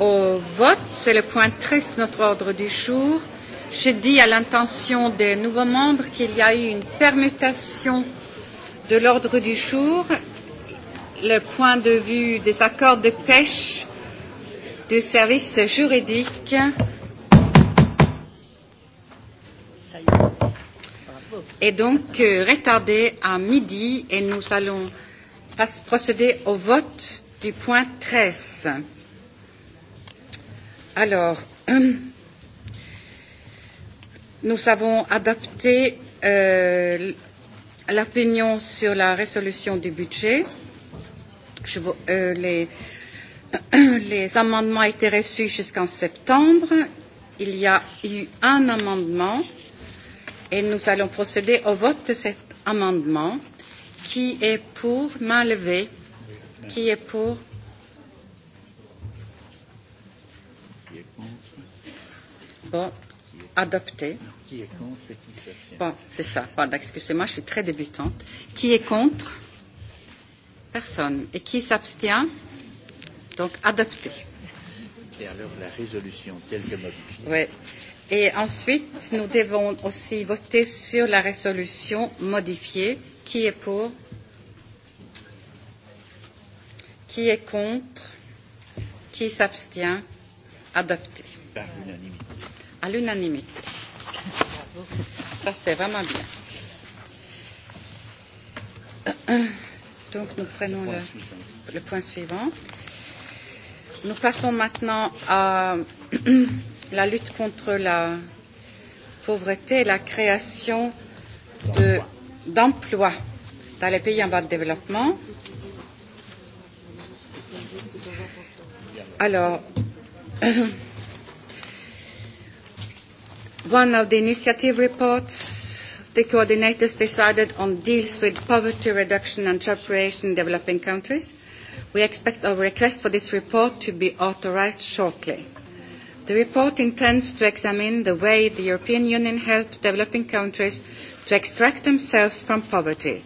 au vote. C'est le point 13 de notre ordre du jour. J'ai dit à l'intention des nouveaux membres qu'il y a eu une permutation de l'ordre du jour. Le point de vue des accords de pêche du service juridique. est donc euh, retardé à midi et nous allons procéder au vote du point 13. Alors, nous avons adapté euh, l'opinion sur la résolution du budget. Je, euh, les, les amendements étaient reçus jusqu'en septembre. Il y a eu un amendement et nous allons procéder au vote de cet amendement. Qui est pour main levée Qui est pour Bon, adopté. Qui est contre et qui s'abstient Bon, c'est ça. Pardon, excusez-moi, je suis très débutante. Qui est contre Personne. Et qui s'abstient Donc, adopté. Et alors, la résolution telle que modifiée. Oui. Et ensuite, nous devons aussi voter sur la résolution modifiée. Qui est pour Qui est contre Qui s'abstient Adopté. Par unanimité à l'unanimité. Ça, c'est vraiment bien. Donc, nous prenons le, le point suivant. Nous passons maintenant à la lutte contre la pauvreté et la création de d'emplois dans les pays en bas de développement. Alors, one of the initiative reports, the coordinators decided on deals with poverty reduction and job creation in developing countries. We expect our request for this report to be authorised shortly. The report intends to examine the way the European Union helps developing countries to extract themselves from poverty.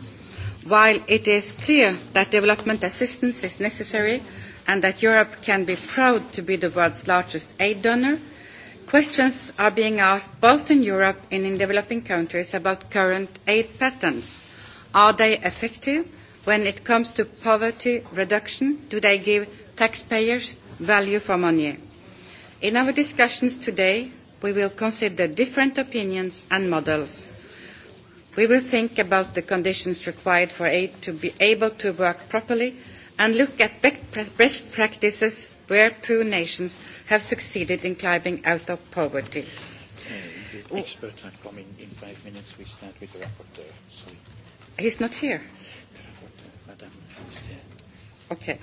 While it is clear that development assistance is necessary and that Europe can be proud to be the world's largest aid donor, Questions are being asked both in Europe and in developing countries about current aid patterns. Are they effective when it comes to poverty reduction? Do they give taxpayers value for money? In our discussions today, we will consider different opinions and models. We will think about the conditions required for aid to be able to work properly and look at best practices where poor nations have succeeded in climbing out of poverty. Uh, the experts are coming in five minutes. We start with the rapporteur. Sorry. He's not here. The rapporteur, is Okay.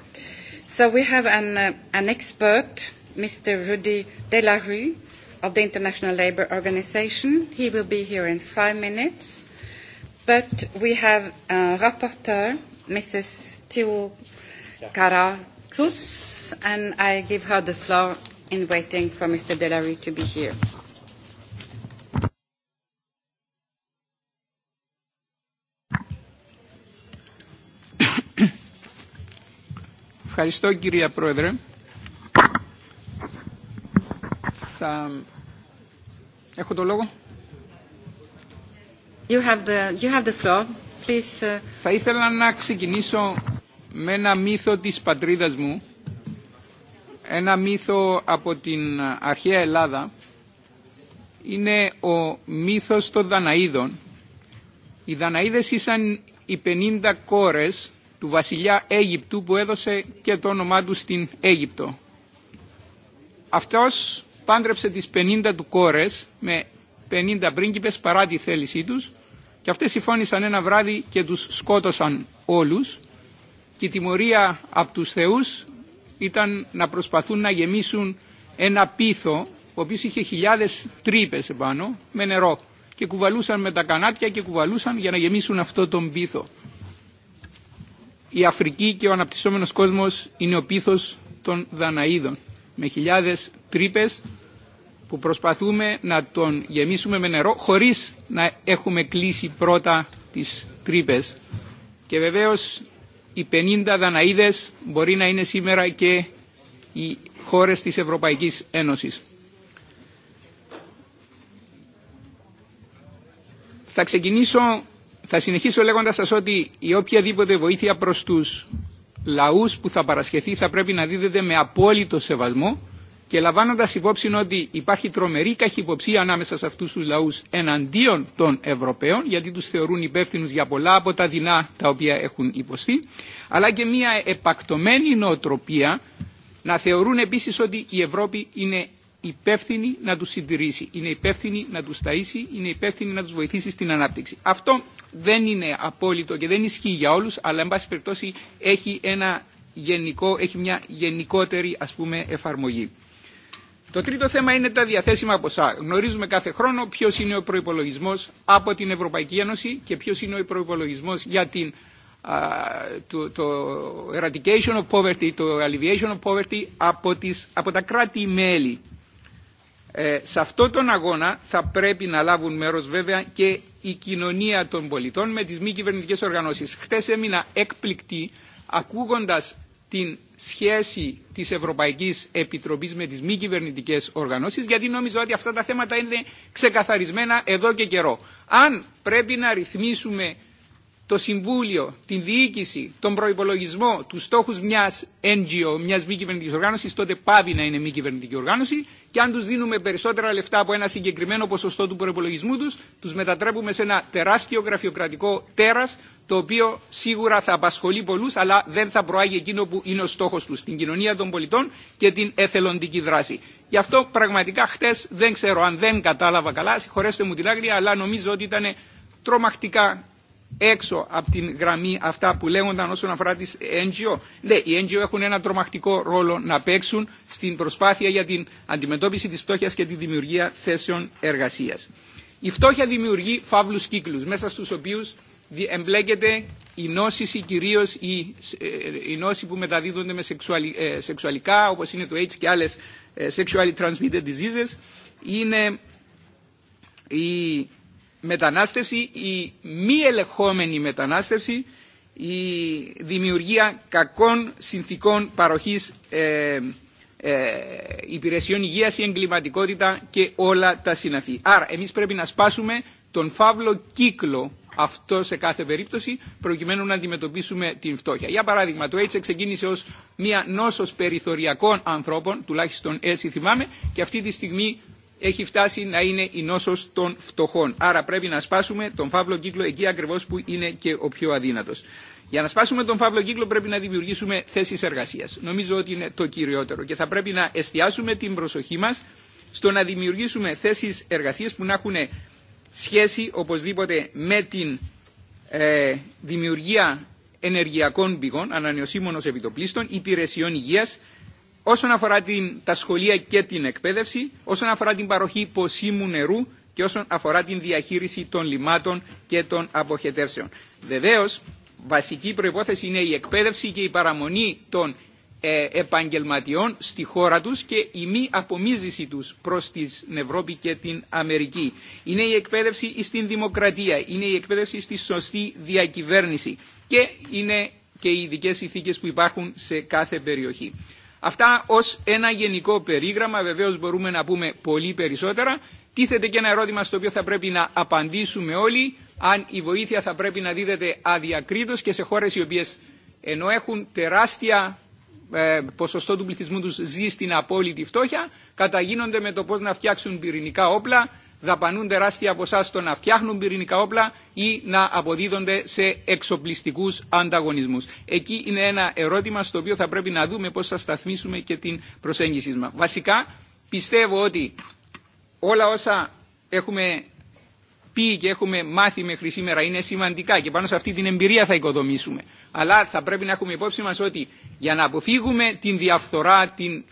So we have an, uh, an expert, Mr. Rudy Delarue of the International Labour Organization. He will be here in five minutes. But we have a rapporteur, Mrs. Teo Carat. Cruz, and I give her the floor in waiting for Mr. Delary to be here. Ευχαριστώ κυρία Πρόεδρε. Θα... Έχω το λόγο. You have the, you have the floor. Please, uh... Θα ήθελα να ξεκινήσω με ένα μύθο της πατρίδας μου, ένα μύθο από την αρχαία Ελλάδα, είναι ο μύθος των Δαναίδων. Οι Δαναίδες ήσαν οι 50 κόρες του βασιλιά Αίγυπτου που έδωσε και το όνομά του στην Αίγυπτο. Αυτός πάντρεψε τις 50 του κόρες με 50 πρίγκιπες παρά τη θέλησή τους και αυτές συμφώνησαν ένα βράδυ και τους σκότωσαν όλους και τιμωρία από τους θεούς ήταν να προσπαθούν να γεμίσουν ένα πίθο ο οποίος είχε χιλιάδες τρύπες επάνω με νερό και κουβαλούσαν με τα κανάτια και κουβαλούσαν για να γεμίσουν αυτό τον πίθο. Η Αφρική και ο αναπτυσσόμενος κόσμος είναι ο πίθος των Δαναίδων με χιλιάδες τρύπες που προσπαθούμε να τον γεμίσουμε με νερό χωρίς να έχουμε κλείσει πρώτα τις τρύπες. Και βεβαίως οι 50 Δαναίδες μπορεί να είναι σήμερα και οι χώρες της Ευρωπαϊκής Ένωσης. Θα ξεκινήσω, θα συνεχίσω λέγοντας σας ότι η οποιαδήποτε βοήθεια προς τους λαούς που θα παρασχεθεί θα πρέπει να δίδεται με απόλυτο σεβασμό και λαμβάνοντας υπόψη ότι υπάρχει τρομερή καχυποψία ανάμεσα σε αυτούς τους λαούς εναντίον των Ευρωπαίων, γιατί τους θεωρούν υπεύθυνους για πολλά από τα δεινά τα οποία έχουν υποστεί, αλλά και μια επακτωμένη νοοτροπία να θεωρούν επίσης ότι η Ευρώπη είναι υπεύθυνη να τους συντηρήσει, είναι υπεύθυνη να τους ταΐσει, είναι υπεύθυνη να τους βοηθήσει στην ανάπτυξη. Αυτό δεν είναι απόλυτο και δεν ισχύει για όλους, αλλά εν πάση περιπτώσει έχει, ένα γενικό, έχει μια γενικότερη ας πούμε, εφαρμογή. Το τρίτο θέμα είναι τα διαθέσιμα ποσά. Γνωρίζουμε κάθε χρόνο ποιο είναι ο προπολογισμό από την Ευρωπαϊκή Ένωση και ποιο είναι ο προπολογισμό για την, α, το, το eradication of poverty, το alleviation of poverty από, τις, από τα κράτη-μέλη. Ε, σε αυτόν τον αγώνα θα πρέπει να λάβουν μέρος βέβαια και η κοινωνία των πολιτών με τις μη κυβερνητικές οργανώσεις. Χτες έμεινα έκπληκτη ακούγοντας την σχέση της Ευρωπαϊκής Επιτροπής με τις μη κυβερνητικέ οργανώσεις γιατί νομίζω ότι αυτά τα θέματα είναι ξεκαθαρισμένα εδώ και καιρό. Αν πρέπει να ρυθμίσουμε το Συμβούλιο, την διοίκηση, τον προπολογισμό, του στόχου μια NGO, μια μη κυβερνητική οργάνωση, τότε πάβει να είναι μη κυβερνητική οργάνωση και αν του δίνουμε περισσότερα λεφτά από ένα συγκεκριμένο ποσοστό του προπολογισμού του, του μετατρέπουμε σε ένα τεράστιο γραφειοκρατικό τέρα, το οποίο σίγουρα θα απασχολεί πολλού, αλλά δεν θα προάγει εκείνο που είναι ο στόχο του, την κοινωνία των πολιτών και την εθελοντική δράση. Γι' αυτό πραγματικά χτε δεν ξέρω αν δεν κατάλαβα καλά, συγχωρέστε μου την άγρια, αλλά νομίζω ότι ήταν τρομακτικά έξω από την γραμμή αυτά που λέγονταν όσον αφορά τις NGO. Ναι, οι NGO έχουν ένα τρομακτικό ρόλο να παίξουν στην προσπάθεια για την αντιμετώπιση της φτώχειας και τη δημιουργία θέσεων εργασίας. Η φτώχεια δημιουργεί φαύλους κύκλους, μέσα στους οποίους εμπλέκεται η νόσηση, κυρίως η, η νόση που μεταδίδονται με σεξουαλι, ε, σεξουαλικά, όπως είναι το AIDS και άλλες ε, sexually transmitted diseases, είναι η μετανάστευση, η μη ελεγχόμενη μετανάστευση, η δημιουργία κακών συνθήκων παροχής ε, ε, υπηρεσιών υγείας, η εγκληματικότητα και όλα τα συναφή. Άρα εμείς πρέπει να σπάσουμε τον φαύλο κύκλο αυτό σε κάθε περίπτωση προκειμένου να αντιμετωπίσουμε την φτώχεια. Για παράδειγμα, το AIDS ξεκίνησε ως μια νόσος περιθωριακών ανθρώπων, τουλάχιστον έτσι θυμάμαι, και αυτή τη στιγμή έχει φτάσει να είναι η νόσος των φτωχών. Άρα πρέπει να σπάσουμε τον φαύλο κύκλο εκεί ακριβώς που είναι και ο πιο αδύνατος. Για να σπάσουμε τον φαύλο κύκλο πρέπει να δημιουργήσουμε θέσεις εργασίας. Νομίζω ότι είναι το κυριότερο και θα πρέπει να εστιάσουμε την προσοχή μας στο να δημιουργήσουμε θέσεις εργασίας που να έχουν σχέση οπωσδήποτε με την ε, δημιουργία ενεργειακών πηγών, ανανεωσίμων ως επιτοπλίστων, υπηρεσιών υγείας, όσον αφορά την, τα σχολεία και την εκπαίδευση, όσον αφορά την παροχή ποσίμου νερού και όσον αφορά την διαχείριση των λιμάτων και των αποχετεύσεων. Βεβαίως, βασική προϋπόθεση είναι η εκπαίδευση και η παραμονή των ε, επαγγελματιών στη χώρα τους και η μη απομίζηση τους προς την Ευρώπη και την Αμερική. Είναι η εκπαίδευση στην δημοκρατία, είναι η εκπαίδευση στη σωστή διακυβέρνηση και είναι και οι ειδικέ ηθίκες που υπάρχουν σε κάθε περιοχή. Αυτά ω ένα γενικό περίγραμμα, βεβαίω μπορούμε να πούμε πολύ περισσότερα. Τίθεται και ένα ερώτημα στο οποίο θα πρέπει να απαντήσουμε όλοι, αν η βοήθεια θα πρέπει να δίδεται αδιακρίτως και σε χώρες οι οποίες ενώ έχουν τεράστια ε, ποσοστό του πληθυσμού τους ζει στην απόλυτη φτώχεια, καταγίνονται με το πώς να φτιάξουν πυρηνικά όπλα, δαπανούν τεράστια ποσά στο να φτιάχνουν πυρηνικά όπλα ή να αποδίδονται σε εξοπλιστικού ανταγωνισμού. Εκεί είναι ένα ερώτημα στο οποίο θα πρέπει να δούμε πώ θα σταθμίσουμε και την προσέγγιση μα. Βασικά πιστεύω ότι όλα όσα έχουμε πει και έχουμε μάθει μέχρι σήμερα είναι σημαντικά και πάνω σε αυτή την εμπειρία θα οικοδομήσουμε. Αλλά θα πρέπει να έχουμε υπόψη μας ότι για να αποφύγουμε την διαφθορά, την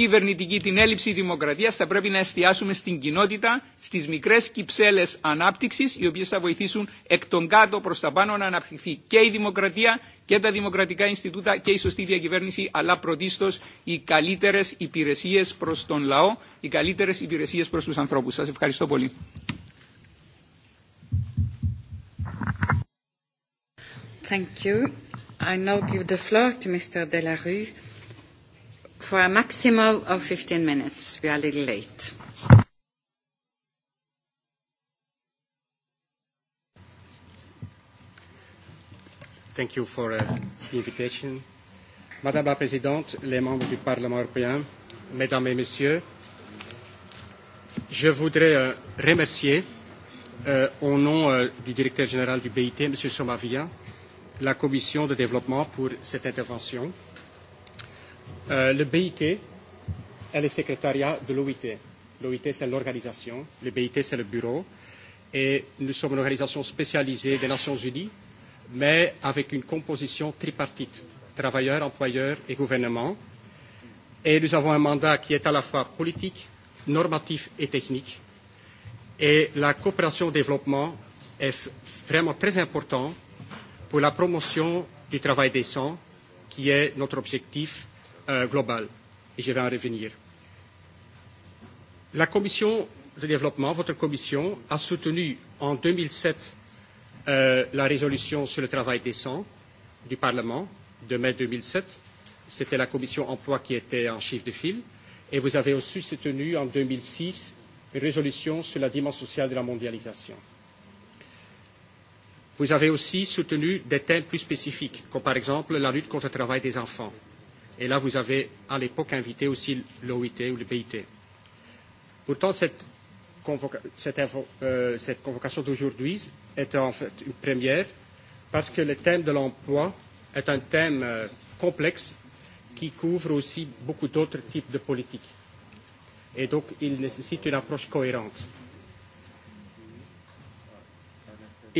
κυβερνητική, την έλλειψη δημοκρατίας, θα πρέπει να εστιάσουμε στην κοινότητα, στις μικρές κυψέλες ανάπτυξης, οι οποίες θα βοηθήσουν εκ των κάτω προς τα πάνω να αναπτυχθεί και η δημοκρατία και τα δημοκρατικά Ινστιτούτα και η σωστή διακυβέρνηση, αλλά πρωτίστως οι καλύτερες υπηρεσίες προς τον λαό, οι καλύτερες υπηρεσίες προς τους ανθρώπους. Σας ευχαριστώ πολύ. Thank you. I now give the floor to Mr. Delarue for a maximum of 15 minutes. We are a little late. Thank you for uh, the invitation. Madame la Présidente, les membres du Parlement européen, Mesdames et Messieurs, je voudrais euh, remercier euh, au nom euh, du directeur général du BIT, M. Somavia, la Commission de développement pour cette intervention. Euh, Euh, le BIT est le secrétariat de l'OIT. L'OIT, c'est l'organisation. Le BIT, c'est le bureau. Et nous sommes une organisation spécialisée des Nations Unies, mais avec une composition tripartite, travailleurs, employeurs et gouvernements. Et nous avons un mandat qui est à la fois politique, normatif et technique. Et la coopération au développement est vraiment très importante pour la promotion du travail décent, qui est notre objectif euh, globale. Et je vais en revenir. La commission de développement, votre commission, a soutenu en deux mille sept euh, la résolution sur le travail décent du Parlement de mai deux mille sept. C'était la commission emploi qui était en chiffre de file. Et vous avez aussi soutenu en deux mille six une résolution sur la dimension sociale de la mondialisation. Vous avez aussi soutenu des thèmes plus spécifiques, comme par exemple la lutte contre le travail des enfants Et là, vous avez à l'époque invité aussi l'OIT ou le BIT. Pourtant, cette, convoca cette, euh, cette convocation d'aujourd'hui est en fait une première parce que le thème de l'emploi est un thème euh, complexe qui couvre aussi beaucoup d'autres types de politiques. Et donc, il nécessite une approche cohérente.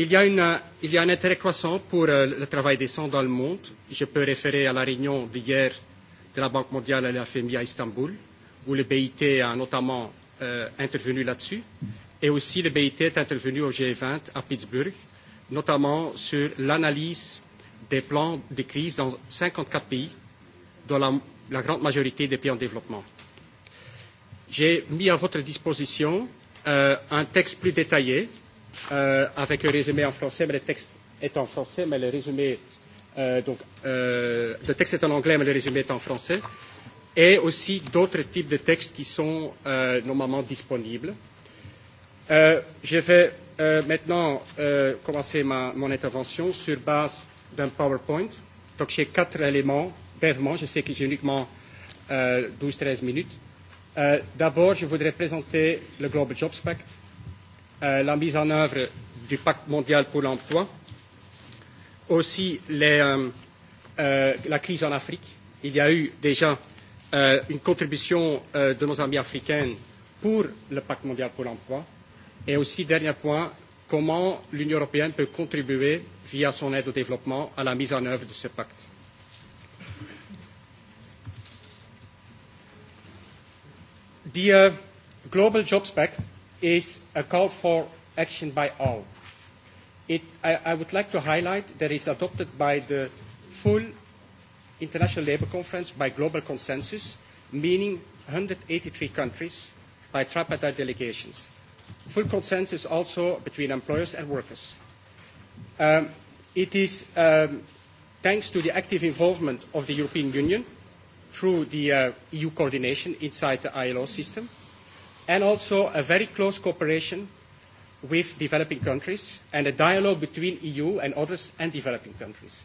Il y a, une, il y a un intérêt croissant pour euh, le travail décent dans le monde. Je peux référer à la réunion d'hier de la Banque mondiale et de la FMI à Istanbul, où le BIT a notamment euh, intervenu là-dessus. Et aussi, le BIT est intervenu au G20 à Pittsburgh, notamment sur l'analyse des plans de crise dans cinquante quatre pays, dont la, la, grande majorité des pays en développement. J'ai mis à votre disposition euh, un texte plus détaillé euh, avec un résumé en français, mais le texte est en français, mais le résumé euh, donc euh, le texte est en anglais, mais le résumé est en français, et aussi d'autres types de textes qui sont euh, normalement disponibles. Euh, je vais euh, maintenant euh, commencer ma, mon intervention sur base d'un PowerPoint. Donc j'ai quatre éléments, brièvement, je sais que j'ai uniquement euh, 12-13 minutes. Euh, D'abord, je voudrais présenter le Global Jobs Pact, euh, la mise en œuvre du pacte mondial pour l'emploi, aussi les, euh, euh, la crise en Afrique. Il y a eu déjà euh, une contribution euh, de nos amis africains pour le pacte mondial pour l'emploi. Et aussi, dernier point, comment l'Union européenne peut contribuer via son aide au développement à la mise en œuvre de ce pacte. The uh, Global Jobs Pact is a call for action by all. It, I, I would like to highlight that it's adopted by the full International Labour Conference by global consensus, meaning one hundred and eighty three countries by tripartite delegations. Full consensus also between employers and workers. Um, it is um, thanks to the active involvement of the European Union through the uh, EU coordination inside the ILO system, and also a very close cooperation with developing countries and a dialogue between EU and others and developing countries.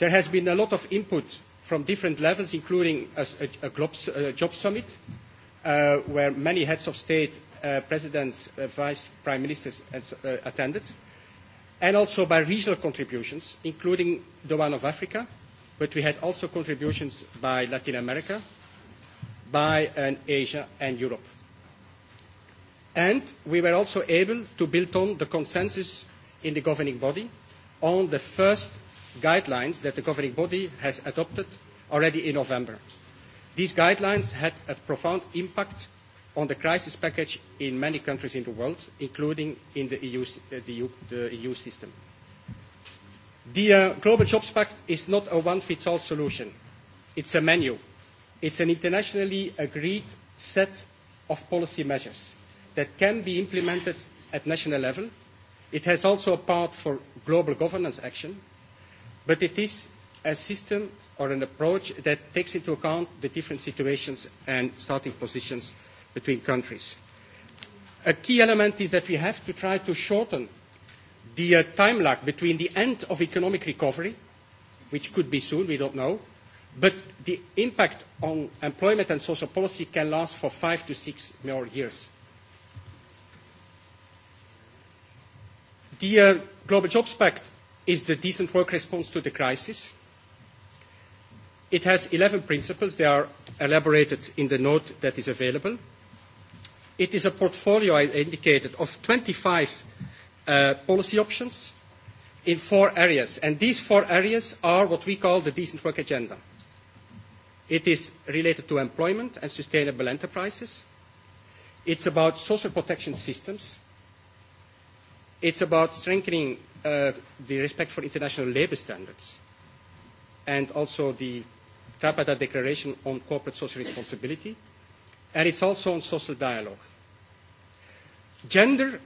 There has been a lot of input from different levels, including a, a, a, a job summit uh, where many heads of state, uh, presidents, uh, vice prime ministers uh, attended, and also by regional contributions, including the one of Africa, but we had also contributions by Latin America, by uh, Asia and Europe. And we were also able to build on the consensus in the governing body on the first guidelines that the governing body has adopted already in November. These guidelines had a profound impact on the crisis package in many countries in the world, including in the EU, uh, the EU, the EU system. The uh, Global Jobs Pact is not a one-fits-all solution. It's a menu. It's an internationally agreed set of policy measures that can be implemented at national level. It has also a part for global governance action, but it is a system or an approach that takes into account the different situations and starting positions between countries. A key element is that we have to try to shorten the uh, time lag between the end of economic recovery, which could be soon, we don't know, but the impact on employment and social policy can last for five to six more years. the Global Jobs Pact is the decent work response to the crisis. It has eleven principles. They are elaborated in the note that is available. It is a portfolio, I indicated, of twenty five uh, policy options in four areas. And these four areas are what we call the decent work agenda. It is related to employment and sustainable enterprises. It's about social protection systems. It's about strengthening uh, the respect for international labour standards and also the Tripartite Declaration on Corporate Social Responsibility, and it's also on social dialogue. Gender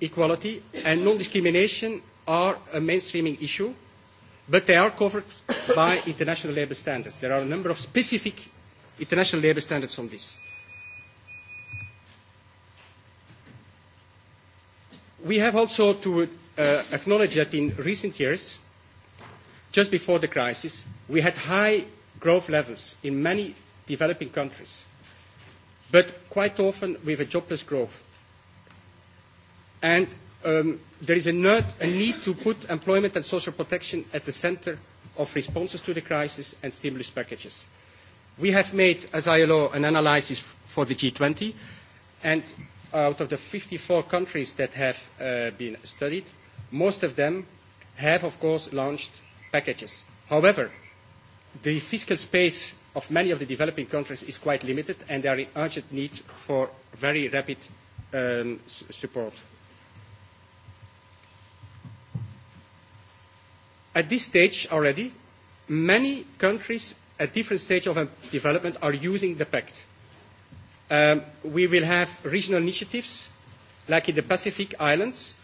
equality and non-discrimination are a mainstreaming issue, but they are covered by international labour standards. There are a number of specific international labour standards on this. we have also to uh, acknowledge that in recent years, just before the crisis, we had high growth levels in many developing countries, but quite often with a jobless growth. And um, there is a, nerd, a need to put employment and social protection at the centre of responses to the crisis and stimulus packages. We have made, as ILO, an analysis for the G20, and out of the 54 countries that have uh, been studied, most of them have, of course, launched packages. However, the fiscal space of many of the developing countries is quite limited, and there is urgent need for very rapid um, support. At this stage already, many countries at different stages of um, development are using the pact. Um, we will have regional initiatives, like in the Pacific Islands.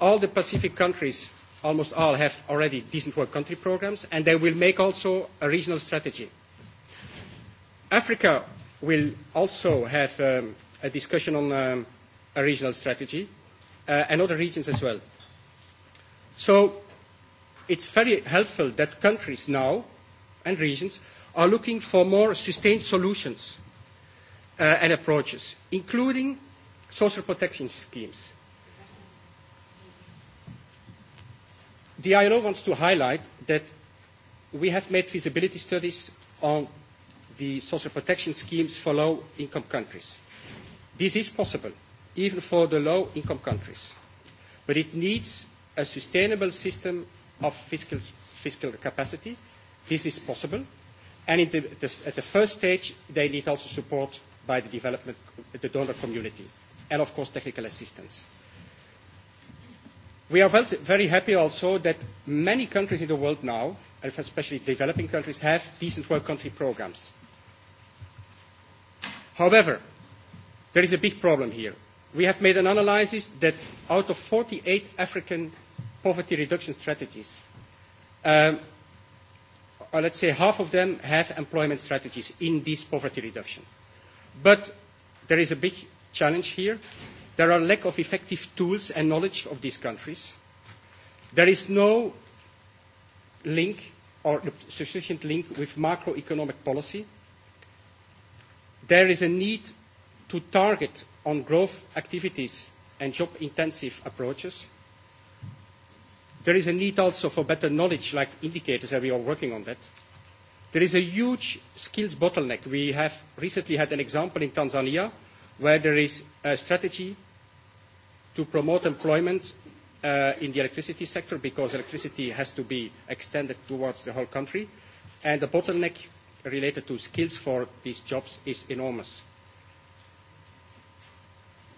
All the Pacific countries, almost all, have already decent work country programs, and they will make also a regional strategy. Africa will also have um, a discussion on um, a regional strategy, uh, and other regions as well. So it's very helpful that countries now and regions are looking for more sustained solutions uh, and approaches, including social protection schemes. The ILO wants to highlight that we have made feasibility studies on the social protection schemes for low-income countries. This is possible, even for the low-income countries, but it needs a sustainable system of fiscal, fiscal capacity. This is possible, and the, the, at the first stage, they need also support by the development, the donor community, and of course technical assistance. We are very happy also that many countries in the world now, and especially developing countries, have decent work country programs. However, there is a big problem here. We have made an analysis that out of 48 African poverty reduction strategies, um, uh, let's say half of them have employment strategies in this poverty reduction. But there is a big challenge here. There are lack of effective tools and knowledge of these countries. There is no link or sufficient link with macroeconomic policy. There is a need to target on growth activities and job-intensive approaches. There is a need also for better knowledge, like indicators, and we are working on that There is a huge skills bottleneck. We have recently had an example in Tanzania where there is a strategy to promote employment uh, in the electricity sector because electricity has to be extended towards the whole country. And the bottleneck related to skills for these jobs is enormous.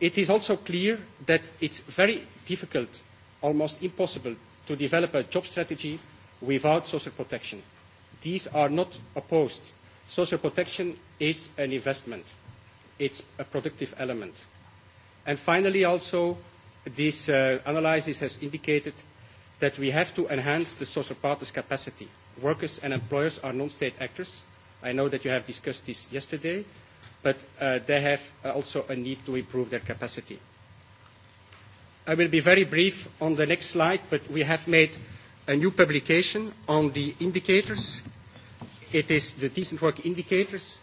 It is also clear that it's very difficult, almost impossible, to develop a job strategy without social protection. These are not opposed. Social protection is an investment. It's a productive element. And finally, also, this uh, analysis has indicated that we have to enhance the social partners' capacity. Workers and employers are non-state actors. I know that you have discussed this yesterday, but uh, they have also a need to improve their capacity. I will be very brief on the next slide, but we have made a new publication on the indicators. It is the decent work indicators.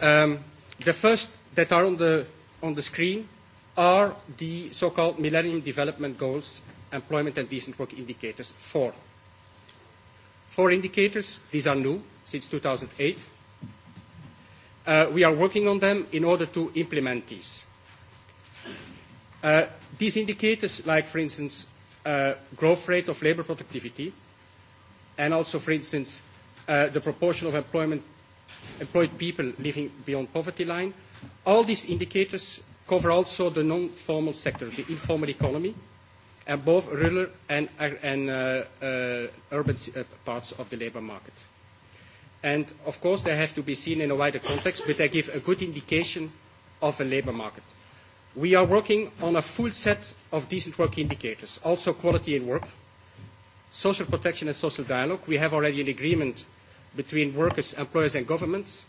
Um, the first that are on the, on the screen are the so-called Millennium Development Goals employment and decent work indicators four. Four indicators, these are new since 2008. Uh, we are working on them in order to implement these. Uh, these indicators, like for instance uh, growth rate of labor productivity and also, for instance, uh, the proportion of employment, employed people living beyond poverty line. All these indicators cover also the non-formal sector, the informal economy, and both rural and, and uh, uh, urban uh, parts of the labour market. And of course, they have to be seen in a wider context, but they give a good indication of a labour market. We are working on a full set of decent work indicators, also quality in work, social protection and social dialogue. We have already an agreement between workers, employers and governments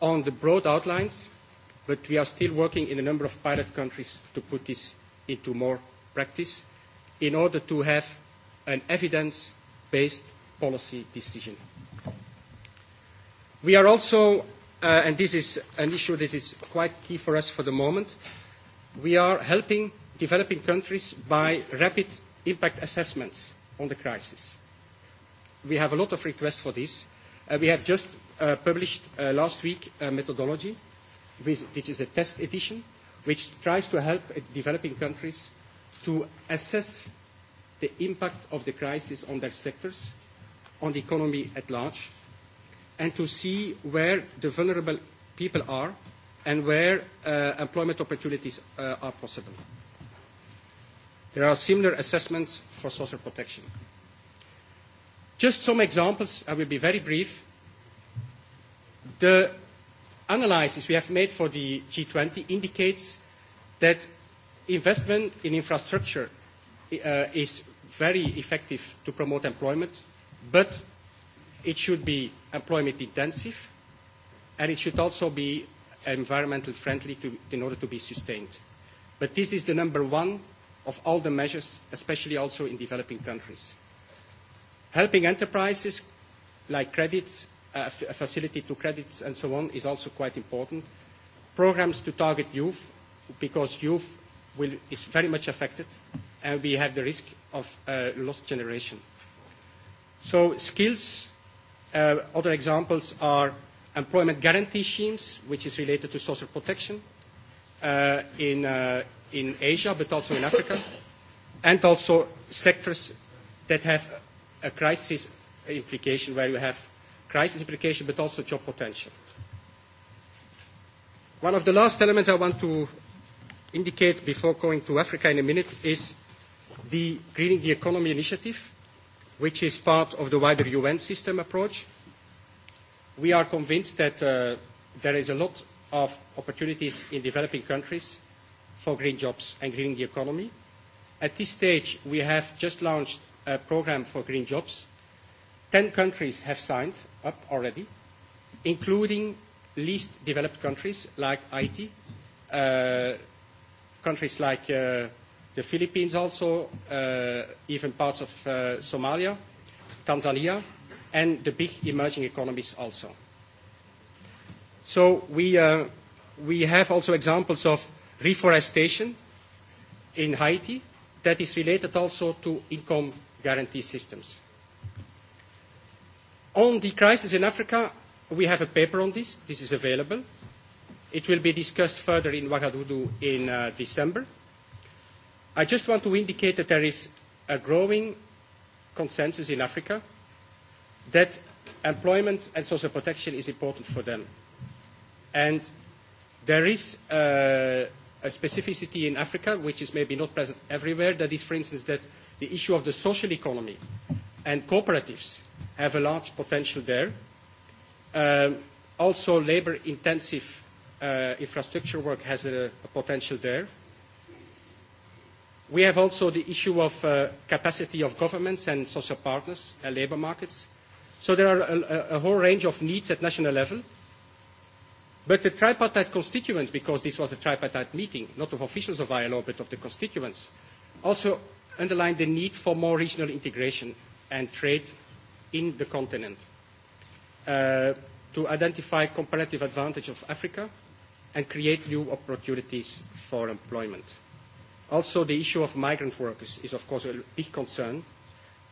on the broad outlines, but we are still working in a number of pilot countries to put this into more practice in order to have an evidence-based policy decision. We are also, uh, and this is an issue that is quite key for us for the moment, we are helping developing countries by rapid impact assessments on the crisis. We have a lot of requests for this. Uh, we have just uh, published uh, last week a methodology, which is a test edition, which tries to help uh, developing countries to assess the impact of the crisis on their sectors, on the economy at large, and to see where the vulnerable people are and where uh, employment opportunities uh, are possible. There are similar assessments for social protection. Just some examples, I will be very brief. The analysis we have made for the G20 indicates that investment in infrastructure uh, is very effective to promote employment, but it should be employment intensive, and it should also be environmentally friendly to, in order to be sustained. But this is the number one of all the measures, especially also in developing countries. Helping enterprises like credits, uh, facility to credits and so on is also quite important. Programs to target youth, because youth will, is very much affected and we have the risk of uh, lost generation. So skills, uh, other examples are employment guarantee schemes, which is related to social protection uh, in, uh, in Asia, but also in Africa, and also sectors that have a crisis implication, where you have crisis implication, but also job potential. One of the last elements I want to indicate before going to Africa in a minute is the Greening the Economy initiative, which is part of the wider UN system approach, we are convinced that uh, there is a lot of opportunities in developing countries for green jobs and greening the economy. At this stage, we have just launched a programme for green jobs. Ten countries have signed up already, including least developed countries like Haiti, uh, countries like uh, the Philippines also, uh, even parts of uh, Somalia Tanzania, and the big emerging economies also. So we, uh, we have also examples of reforestation in Haiti that is related also to income guarantee systems. On the crisis in Africa, we have a paper on this. This is available. It will be discussed further in Ouagadougou in uh, December. I just want to indicate that there is a growing consensus in Africa that employment and social protection is important for them. And there is a specificity in Africa, which is maybe not present everywhere, that is, for instance, that the issue of the social economy and cooperatives have a large potential there. Um, also, labour-intensive uh, infrastructure work has a, a potential there We have also the issue of uh, capacity of governments and social partners and uh, labour markets. So there are a, a whole range of needs at national level. But the tripartite constituents, because this was a tripartite meeting, not of officials of ILO, but of the constituents, also underlined the need for more regional integration and trade in the continent uh, to identify comparative advantage of Africa and create new opportunities for employment. Also, the issue of migrant workers is, of course, a big concern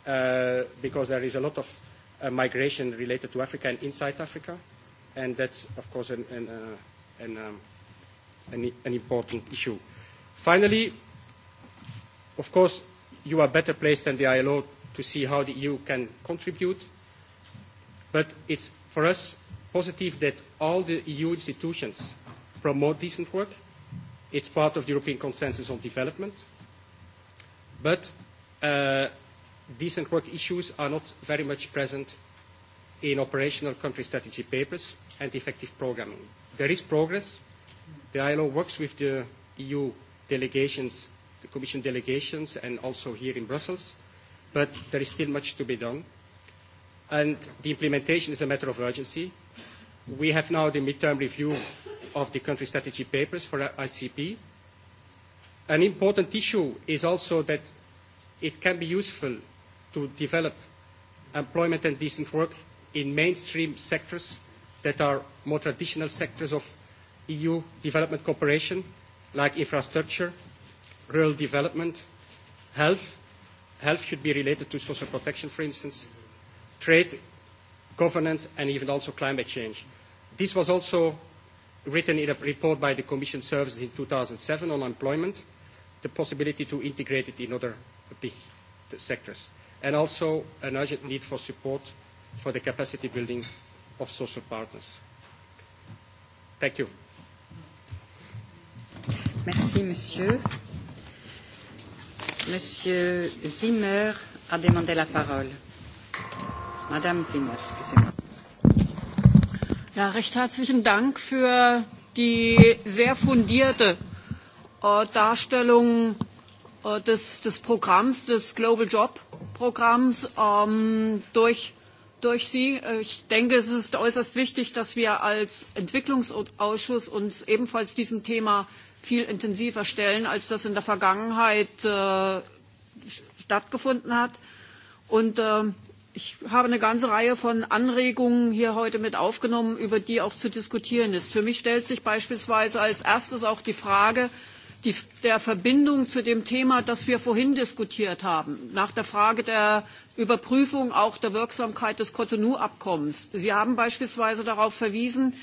uh, because there is a lot of uh, migration related to Africa and inside Africa, and that's, of course, an, an, uh, an, um, an, an important issue. Finally, of course, you are better placed than the ILO to see how the EU can contribute, but it's, for us, positive that all the EU institutions promote decent work, It's part of the European consensus on development. But uh, decent work issues are not very much present in operational country strategy papers and effective programming. There is progress. The ILO works with the EU delegations, the Commission delegations, and also here in Brussels, but there is still much to be done. And the implementation is a matter of urgency. We have now the midterm review of the country strategy papers for ICP. An important issue is also that it can be useful to develop employment and decent work in mainstream sectors that are more traditional sectors of EU development cooperation, like infrastructure, rural development, health. Health should be related to social protection, for instance, trade, governance, and even also climate change. This was also written in a report by the Commission Services in two thousand seven on employment, the possibility to integrate it in other big sectors, and also an urgent need for support for the capacity building of social partners. Thank you. Merci, monsieur. Monsieur Zimmer a demandé la parole. Madame Zimmer, excusez-moi. Ja, recht herzlichen Dank für die sehr fundierte äh, Darstellung äh, des, des, Programms, des Global Job Programms ähm, durch, durch Sie. Ich denke, es ist äußerst wichtig, dass wir als Entwicklungsausschuss uns ebenfalls diesem Thema viel intensiver stellen, als das in der Vergangenheit äh, stattgefunden hat. Und ähm, ich habe eine ganze Reihe von Anregungen hier heute mit aufgenommen, über die auch zu diskutieren ist. Für mich stellt sich beispielsweise als erstes auch die Frage die, der Verbindung zu dem Thema, das wir vorhin diskutiert haben, nach der Frage der Überprüfung auch der Wirksamkeit des Cotonou-Abkommens. Sie haben beispielsweise darauf verwiesen,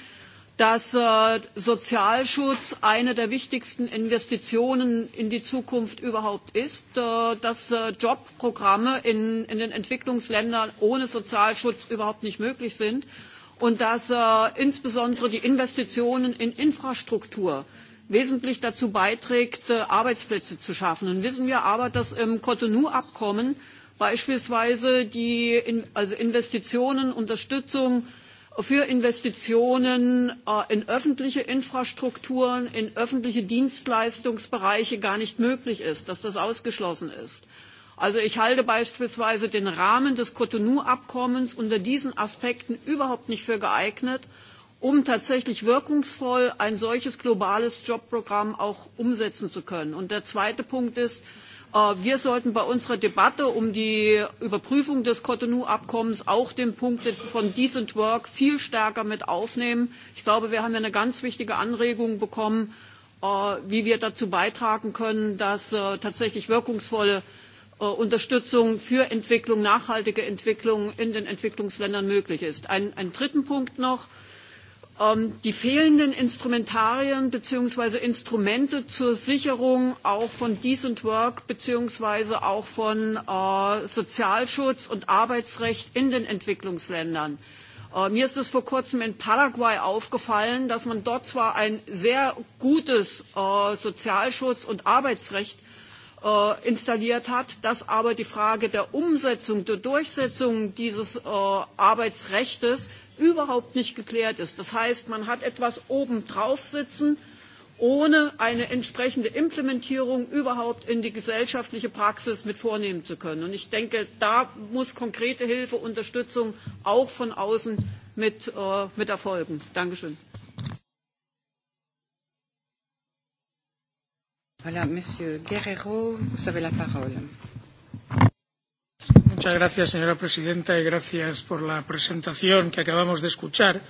dass äh, Sozialschutz eine der wichtigsten Investitionen in die Zukunft überhaupt ist, äh, dass äh, Jobprogramme in, in, den Entwicklungsländern ohne Sozialschutz überhaupt nicht möglich sind und dass äh, insbesondere die Investitionen in Infrastruktur wesentlich dazu beiträgt, äh, Arbeitsplätze zu schaffen. Nun wissen wir aber, dass im Cotonou-Abkommen beispielsweise die in, also Investitionen, Unterstützung, für Investitionen äh, in öffentliche Infrastrukturen, in öffentliche Dienstleistungsbereiche gar nicht möglich ist, dass das ausgeschlossen ist. Also ich halte beispielsweise den Rahmen des Cotonou-Abkommens unter diesen Aspekten überhaupt nicht für geeignet, um tatsächlich wirkungsvoll ein solches globales Jobprogramm auch umsetzen zu können. Und der zweite Punkt ist, Äh, wir sollten bei unserer Debatte um die Überprüfung des Cotonou-Abkommens auch den Punkt von Decent Work viel stärker mit aufnehmen. Ich glaube, wir haben eine ganz wichtige Anregung bekommen, äh, wie wir dazu beitragen können, dass äh, tatsächlich wirkungsvolle Unterstützung für Entwicklung, nachhaltige Entwicklung in den Entwicklungsländern möglich ist. Ein, einen dritten Punkt noch. Ähm, die fehlenden Instrumentarien bzw. Instrumente zur Sicherung auch von Decent Work bzw. auch von äh, Sozialschutz und Arbeitsrecht in den Entwicklungsländern. Äh, mir ist es vor kurzem in Paraguay aufgefallen, dass man dort zwar ein sehr gutes äh, Sozialschutz und Arbeitsrecht äh, installiert hat, dass aber die Frage der Umsetzung, der Durchsetzung dieses äh, Arbeitsrechts überhaupt nicht geklärt ist. Das heißt, man hat etwas obendrauf sitzen, ohne eine entsprechende Implementierung überhaupt in die gesellschaftliche Praxis mit vornehmen zu können. Und ich denke, da muss konkrete Hilfe, Unterstützung auch von außen mit, äh, mit erfolgen. Dankeschön. Voilà, Monsieur Guerrero, vous avez la parole señora presidenta, gracias por la presentación que acabamos de escuchar.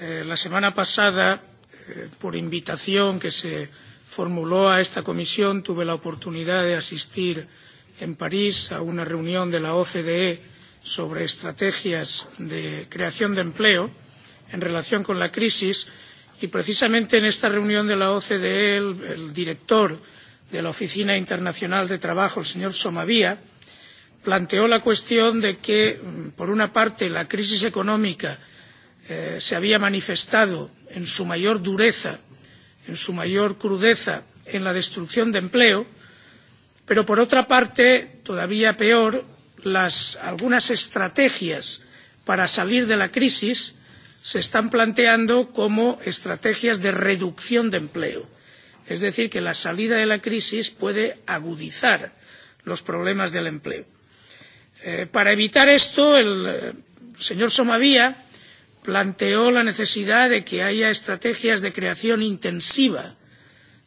Eh, la semana pasada, eh, por invitación que se formuló a esta comisión, tuve la oportunidad de asistir en París a una reunión de la OCDE sobre estrategias de creación de empleo en relación con la crisis y precisamente en esta reunión de la OCDE el, el director de la Oficina Internacional de Trabajo, el señor Somavia, planteó la cuestión de que mm, por una parte la crisis económica eh, se había manifestado en su mayor dureza en su mayor crudeza en la destrucción de empleo pero por otra parte todavía peor las, algunas estrategias para salir de la crisis se están planteando como estrategias de reducción de empleo es decir que la salida de la crisis puede agudizar los problemas del empleo Eh, para evitar esto el eh, señor somavia planteó la necesidad de que haya estrategias de creación intensiva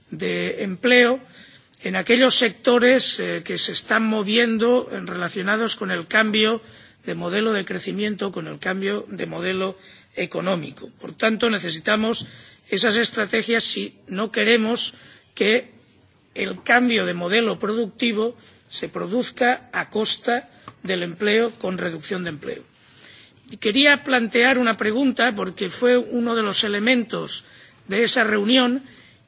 de empleo en aquellos sectores eh, que se están moviendo relacionados con el cambio de modelo de crecimiento con el cambio de modelo económico. por tanto necesitamos esas estrategias si no queremos que el cambio de modelo productivo se produzca a costa del empleo con reducción de empleo. Y quería plantear una pregunta porque fue uno de los elementos de esa reunión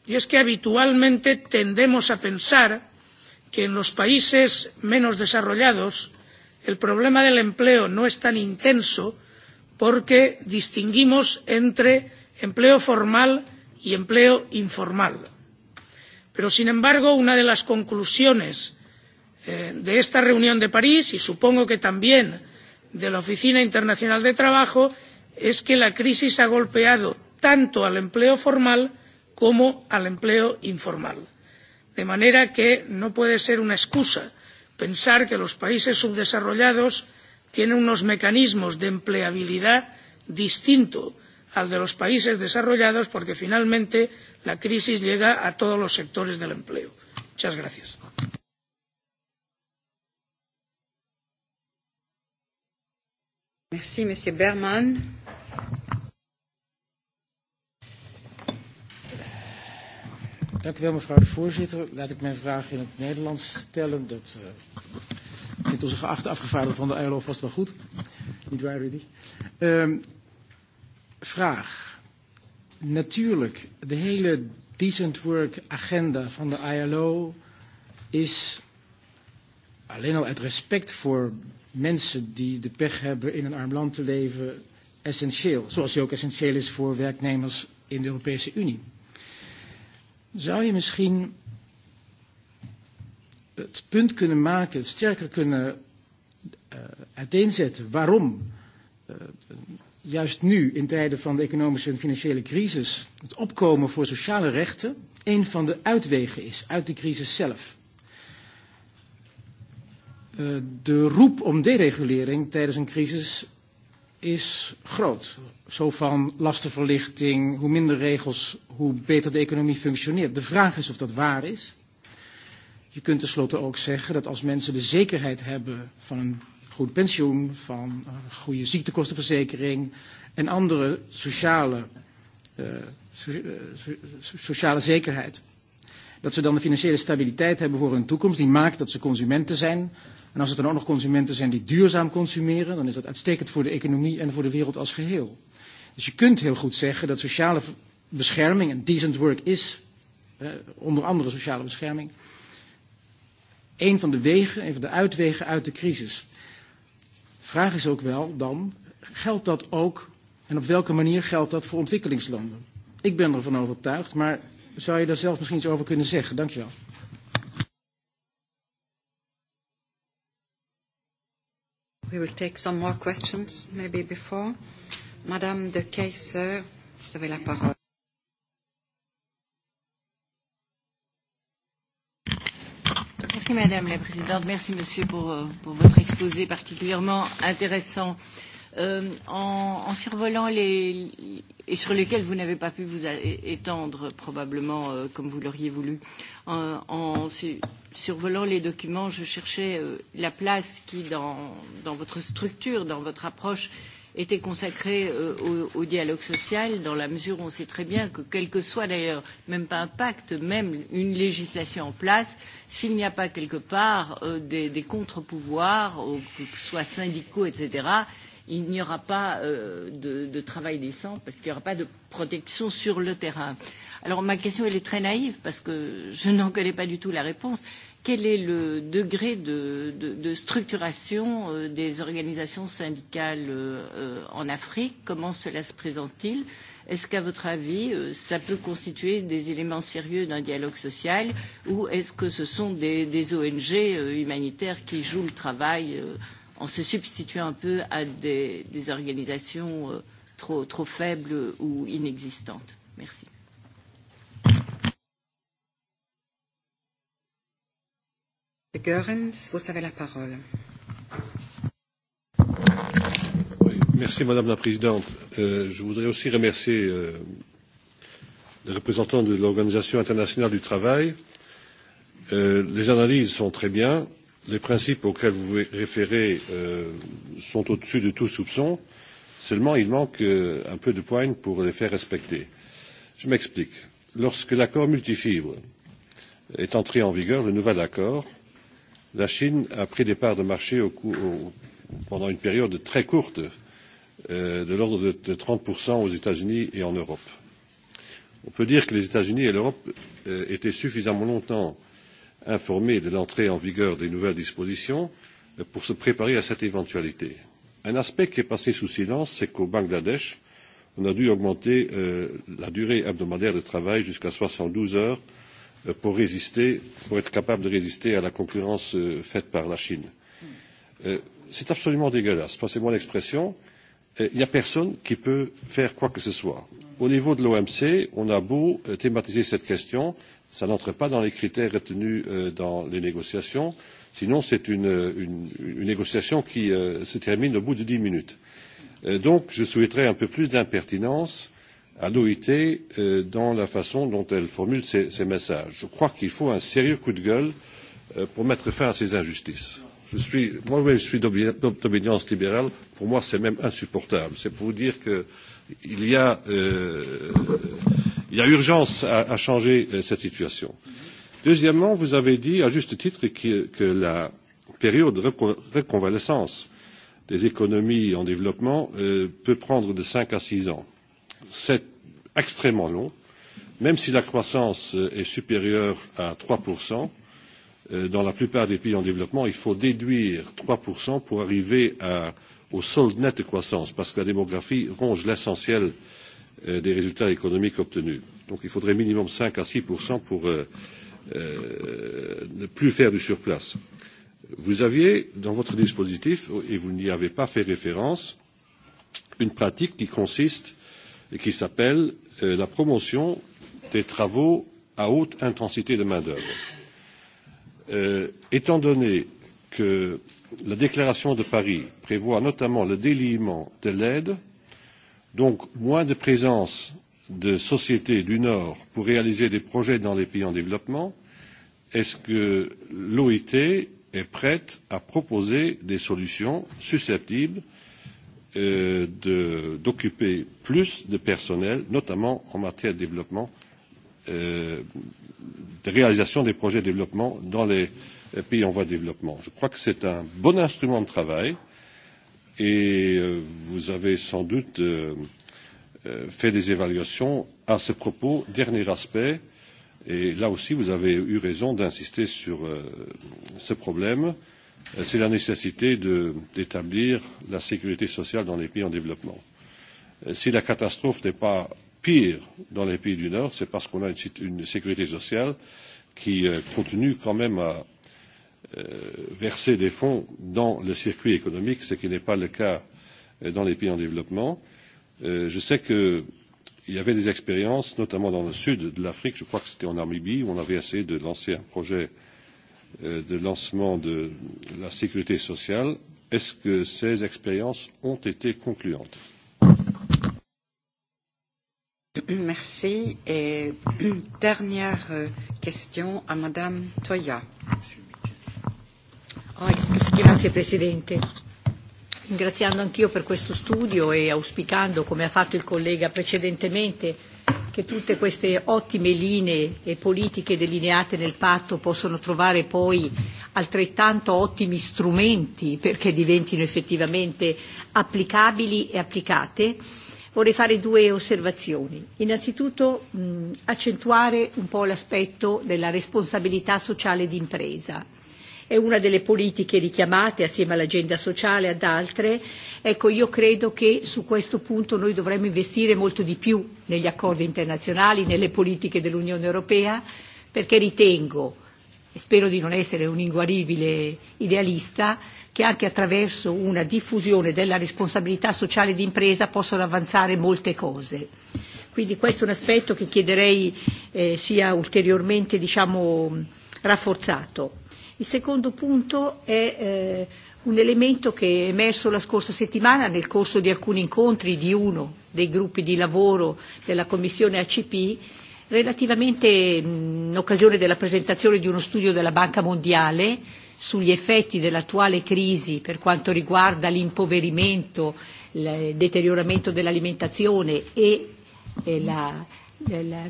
y es que habitualmente tendemos a pensar que en los países menos desarrollados el problema del empleo no es tan intenso porque distinguimos entre empleo formal y empleo informal. Pero, sin embargo, una de las conclusiones Eh, de esta reunión de París y supongo que también de la Oficina Internacional de Trabajo es que la crisis ha golpeado tanto al empleo formal como al empleo informal. De manera que no puede ser una excusa pensar que los países subdesarrollados tienen unos mecanismos de empleabilidad distintos al de los países desarrollados porque finalmente la crisis llega a todos los sectores del empleo. Muchas gracias. Merci, M. Berman. Dank u wel, mevrouw de voorzitter. Laat ik mijn vraag in het Nederlands stellen. Dat uh, vindt onze geachte afgevaardigde van de ILO vast wel goed. Niet waar, Rudy? Uh, vraag. Natuurlijk, de hele decent work agenda van de ILO is alleen al uit respect voor mensen die de pech hebben in een arm land te leven essentieel. Zoals die ook essentieel is voor werknemers in de Europese Unie. Zou je misschien het punt kunnen maken, het sterker kunnen uh, uiteenzetten waarom uh, juist nu in tijden van de economische en financiële crisis het opkomen voor sociale rechten een van de uitwegen is uit de crisis zelf? Eh, de roep om deregulering tijdens een crisis is groot. Zo van lastenverlichting, hoe minder regels, hoe beter de economie functioneert. De vraag is of dat waar is. Je kunt tenslotte ook zeggen dat als mensen de zekerheid hebben van een goed pensioen, van een goede ziektekostenverzekering en andere sociale, uh, so, uh, so, sociale zekerheid, dat ze dan de financiële stabiliteit hebben voor hun toekomst, die maakt dat ze consumenten zijn, En als het dan ook nog consumenten zijn die duurzaam consumeren, dan is dat uitstekend voor de economie en voor de wereld als geheel. Dus je kunt heel goed zeggen dat sociale bescherming, en decent work is eh, onder andere sociale bescherming, een van de wegen, een van de uitwegen uit de crisis. De vraag is ook wel dan, geldt dat ook en op welke manier geldt dat voor ontwikkelingslanden? Ik ben ervan overtuigd, maar zou je daar zelf misschien iets over kunnen zeggen? Dankjewel. We will take some more questions maybe before. Madame de Keyser, vous avez la parole. Merci Madame la Présidente, merci Monsieur pour, euh, pour votre exposé particulièrement intéressant. Euh, euh, en, en survolant les et sur lesquels vous n'avez pas pu vous étendre probablement euh, comme vous l'auriez voulu. En, en survolant les documents, je cherchais euh, la place qui, dans, dans votre structure, dans votre approche, était consacrée euh, au, au dialogue social, dans la mesure où on sait très bien que, quel que soit d'ailleurs, même pas un pacte, même une législation en place, s'il n'y a pas quelque part euh, des, des contre-pouvoirs, que ce soit syndicaux, etc., il n'y aura pas euh, de, de travail décent parce qu'il n'y aura pas de protection sur le terrain. Alors ma question, elle est très naïve parce que je n'en connais pas du tout la réponse. Quel est le degré de, de, de structuration euh, des organisations syndicales euh, en Afrique Comment cela se présente-t-il Est-ce qu'à votre avis, euh, ça peut constituer des éléments sérieux d'un dialogue social ou est-ce que ce sont des, des ONG euh, humanitaires qui jouent le travail euh, en se substituant un peu à des, des organisations euh, trop, trop faibles ou inexistantes. Merci. Goerens, vous avez la parole. Oui, merci Madame la Présidente. Euh, je voudrais aussi remercier euh, les représentants de l'Organisation internationale du travail. Euh, les analyses sont très bien. Euh, les principes auxquels vous vous référez euh, sont au-dessus de tout soupçon, seulement il manque euh, un peu de poigne pour les faire respecter. Je m'explique. Lorsque l'accord multifibre est entré en vigueur, le nouvel accord, la Chine a pris des parts de marché au au, pendant une période très courte, euh, de l'ordre de, de 30% aux États-Unis et en Europe. On peut dire que les États-Unis et l'Europe euh, étaient suffisamment longtemps informés de l'entrée en vigueur des nouvelles dispositions euh, pour se préparer à cette éventualité. Un aspect qui est passé sous silence, c'est qu'au Bangladesh, on a dû augmenter euh, la durée hebdomadaire de travail jusqu'à soixante douze heures euh, pour, résister, pour être capable de résister à la concurrence euh, faite par la Chine. Euh, c'est absolument dégueulasse, passez-moi l'expression. Il euh, n'y a personne qui peut faire quoi que ce soit. Au niveau de l'OMC, on a beau thématiser cette question, cela n'entre pas dans les critères retenus euh, dans les négociations sinon c'est une, une, une, négociation qui euh, se termine au bout de dix minutes. Euh, donc je souhaiterais un peu plus d'impertinence à l'oit dans la façon dont elle formule ses, ses messages. je crois qu'il faut un sérieux coup de gueule pour mettre fin à ces injustices. Je suis, moi même je suis d'obédience libérale pour moi c'est même insupportable. c'est pour vous dire qu'il y a euh, Il y a urgence à, à changer euh, cette situation. Deuxièmement, vous avez dit à juste titre que, que la période de reconvalescence des économies en développement euh, peut prendre de cinq à six ans. C'est extrêmement long. Même si la croissance euh, est supérieure à trois euh, dans la plupart des pays en développement, il faut déduire trois pour arriver à, au solde net de croissance, parce que la démographie ronge l'essentiel euh, Euh, des résultats économiques obtenus. Donc il faudrait minimum cinq à six pour euh, euh, ne plus faire du surplace. Vous aviez dans votre dispositif, et vous n'y avez pas fait référence, une pratique qui consiste et qui s'appelle euh, la promotion des travaux à haute intensité de main-d'œuvre. Euh, étant donné que la déclaration de Paris prévoit notamment le déliement de l'aide donc moins de présence de sociétés du Nord pour réaliser des projets dans les pays en développement, est-ce que l'OIT est prête à proposer des solutions susceptibles euh, d'occuper plus de personnel, notamment en matière de développement, euh, de réalisation des projets de développement dans les pays en voie de développement. Je crois que c'est un bon instrument de travail euh, et euh, vous avez sans doute euh, euh, fait des évaluations à ce propos. Dernier aspect, et là aussi vous avez eu raison d'insister sur ce problème, c'est la nécessité d'établir la sécurité sociale dans les pays en développement. Si la catastrophe n'est pas pire dans les pays du Nord, c'est parce qu'on a une, une sécurité sociale qui continue quand même à, Euh, verser des fonds dans le circuit économique, ce qui n'est pas le cas euh, dans les pays en développement. Euh, je sais qu'il y avait des expériences, notamment dans le sud de l'Afrique, je crois que c'était en Namibie, où on avait essayé de lancer un projet de lancement de la sécurité sociale. Est-ce que ces expériences ont été concluantes Merci. Et dernière question à Madame Toya. Monsieur grazie Presidente. Ringraziando anch'io per questo studio e auspicando, come ha fatto il collega precedentemente, che tutte queste ottime linee e politiche delineate nel patto possono trovare poi altrettanto ottimi strumenti perché diventino effettivamente applicabili e applicate, vorrei fare due osservazioni. Innanzitutto mh, accentuare un po' l'aspetto della responsabilità sociale d'impresa è una delle politiche richiamate assieme all'agenda sociale ad altre. Ecco, io credo che su questo punto noi dovremmo investire molto di più negli accordi internazionali, nelle politiche dell'Unione Europea, perché ritengo, e spero di non essere un inguaribile idealista, che anche attraverso una diffusione della responsabilità sociale d'impresa possono avanzare molte cose. Quindi questo è un aspetto che chiederei eh, sia ulteriormente diciamo, rafforzato. Il secondo punto è eh, un elemento che è emerso la scorsa settimana nel corso di alcuni incontri di uno dei gruppi di lavoro della Commissione ACP relativamente in occasione della presentazione di uno studio della Banca Mondiale sugli effetti dell'attuale crisi per quanto riguarda l'impoverimento, il deterioramento dell'alimentazione e, e la, e la,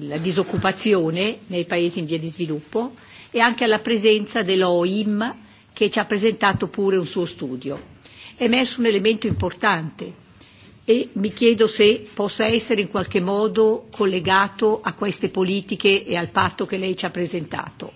la disoccupazione nei paesi in via di sviluppo e anche alla presenza dell'OIM che ci ha presentato pure un suo studio. È emerso un elemento importante e mi chiedo se possa essere in qualche modo collegato a queste politiche e al patto che lei ci ha presentato.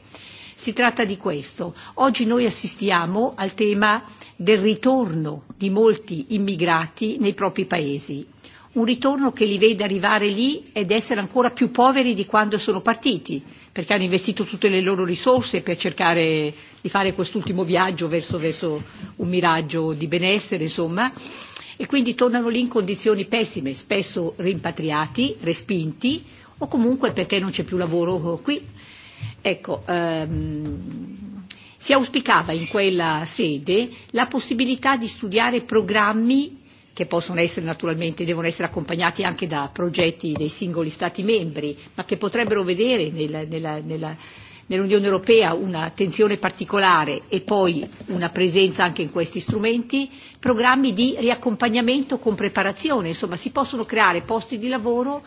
Si tratta di questo. Oggi noi assistiamo al tema del ritorno di molti immigrati nei propri paesi. Un ritorno che li vede arrivare lì ed essere ancora più poveri di quando sono partiti, perché hanno investito tutte le loro risorse per cercare di fare quest'ultimo viaggio verso, verso un miraggio di benessere, insomma, e quindi tornano lì in condizioni pessime, spesso rimpatriati, respinti o comunque perché non c'è più lavoro qui. Ecco, ehm, si auspicava in quella sede la possibilità di studiare programmi che possono essere naturalmente, devono essere accompagnati anche da progetti dei singoli Stati membri, ma che potrebbero vedere nella, nella, nell'Unione Europea un'attenzione particolare e poi una presenza anche in questi strumenti, programmi di riaccompagnamento con preparazione, insomma si possono creare posti di lavoro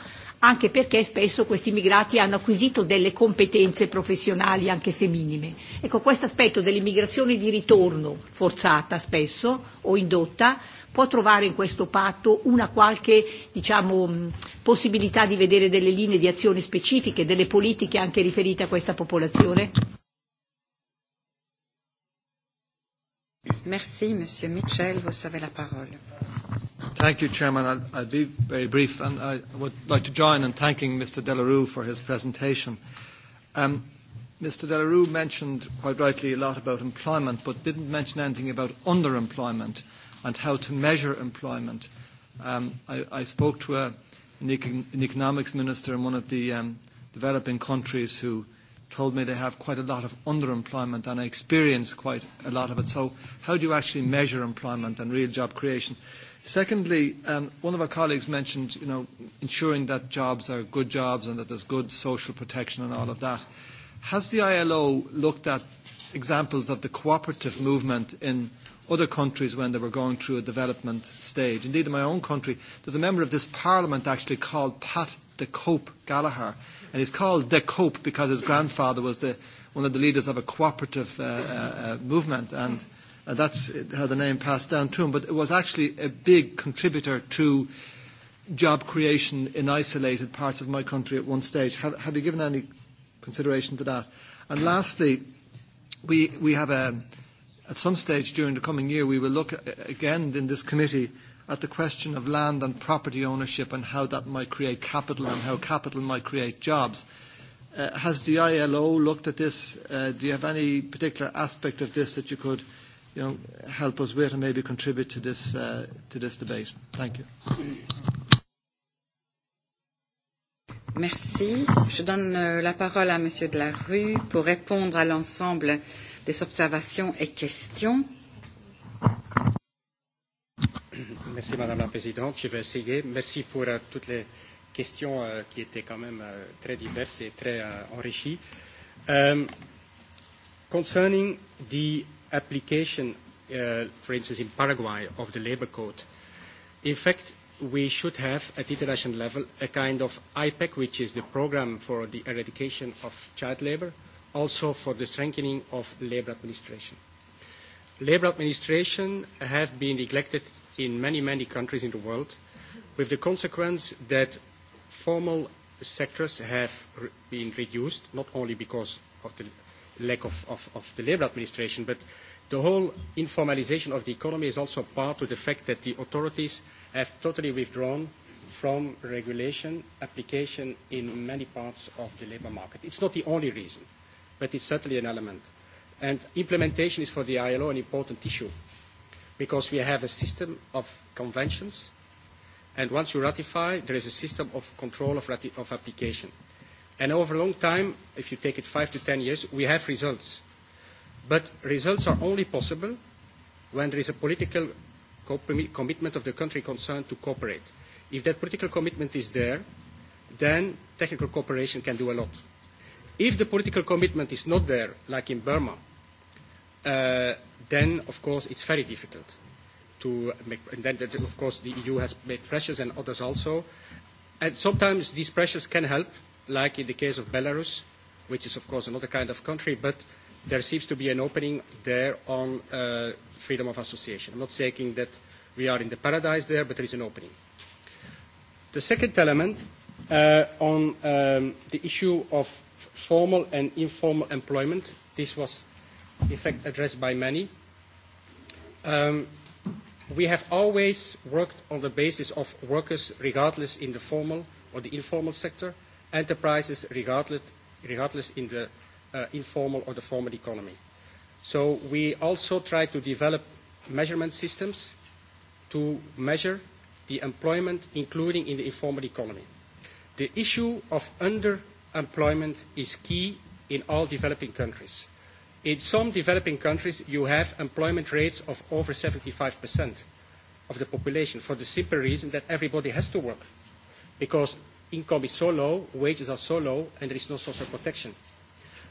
anche perché spesso questi immigrati hanno acquisito delle competenze professionali anche se minime. Ecco, questo aspetto dell'immigrazione di ritorno forzata spesso o indotta può trovare in questo patto una qualche diciamo, possibilità di vedere delle linee di azione specifiche, delle politiche anche riferite a questa popolazione? Merci, Monsieur Mitchell. Vous avez la parole. Thank you, Chairman. I'll, I'll be very brief, and I would like to join in thanking Mr. Delarue for his presentation. Um, Mr. Delarue mentioned quite rightly a lot about employment, but didn't mention anything about underemployment and how to measure employment. Um, I, I spoke to a, an, econ, an economics minister in one of the um, developing countries who told me they have quite a lot of underemployment, and I experienced quite a lot of it. So how do you actually measure employment and real job creation? Secondly, um, one of our colleagues mentioned, you know, ensuring that jobs are good jobs and that there's good social protection and all of that. Has the ILO looked at examples of the cooperative movement in other countries when they were going through a development stage. Indeed, in my own country, there's a member of this parliament actually called Pat de Cope Gallagher, and he's called de Cope because his grandfather was the, one of the leaders of a cooperative uh, uh, uh movement, and uh, that's how the name passed down to him. But it was actually a big contributor to job creation in isolated parts of my country at one stage. Have, have you given any consideration to that? And lastly, we, we have a at some stage during the coming year, we will look at, again in this committee at the question of land and property ownership and how that might create capital and how capital might create jobs. Uh, has the ILO looked at this? Uh, do you have any particular aspect of this that you could you know, help us with and maybe contribute to this, uh, to this debate? Thank you. Merci. Je donne euh, la parole à Monsieur de la Rue pour répondre à l'ensemble des observations et questions. Merci Madame la Présidente. Je vais essayer. Merci pour euh, toutes les questions euh, qui étaient quand même euh, très diverses et très euh, enrichies. Um, concerning the application, for instance, in Paraguay of the labor code, in fact, we should have at international level a kind of IPEC, which is the program for the eradication of child labour, also for the strengthening of labour administration. Labour administration has been neglected in many, many countries in the world, with the consequence that formal sectors have been reduced, not only because of the lack of, of, of the labour administration, but The whole informalisation of the economy is also part of the fact that the authorities have totally withdrawn from regulation application in many parts of the labour market. It's not the only reason, but it's certainly an element. And implementation is for the ILO an important issue because we have a system of conventions and once you ratify, there is a system of control of, of application. And over a long time, if you take it five to ten years, we have results But results are only possible when there is a political co commitment of the country concerned to cooperate. If that political commitment is there, then technical cooperation can do a lot. If the political commitment is not there, like in Burma, uh, then of course it's very difficult to make. And then, of course, the EU has made pressures and others also. And sometimes these pressures can help, like in the case of Belarus, which is of course another kind of country, but there seems to be an opening there on uh, freedom of association. I'm not saying that we are in the paradise there, but there is an opening. The second element uh, on um, the issue of formal and informal employment, this was in fact addressed by many. Um, we have always worked on the basis of workers regardless in the formal or the informal sector, enterprises regardless, regardless in the uh, informal or the formal economy. So we also try to develop measurement systems to measure the employment, including in the informal economy. The issue of underemployment is key in all developing countries. In some developing countries, you have employment rates of over 75% of the population for the simple reason that everybody has to work because income is so low, wages are so low, and there is no social protection.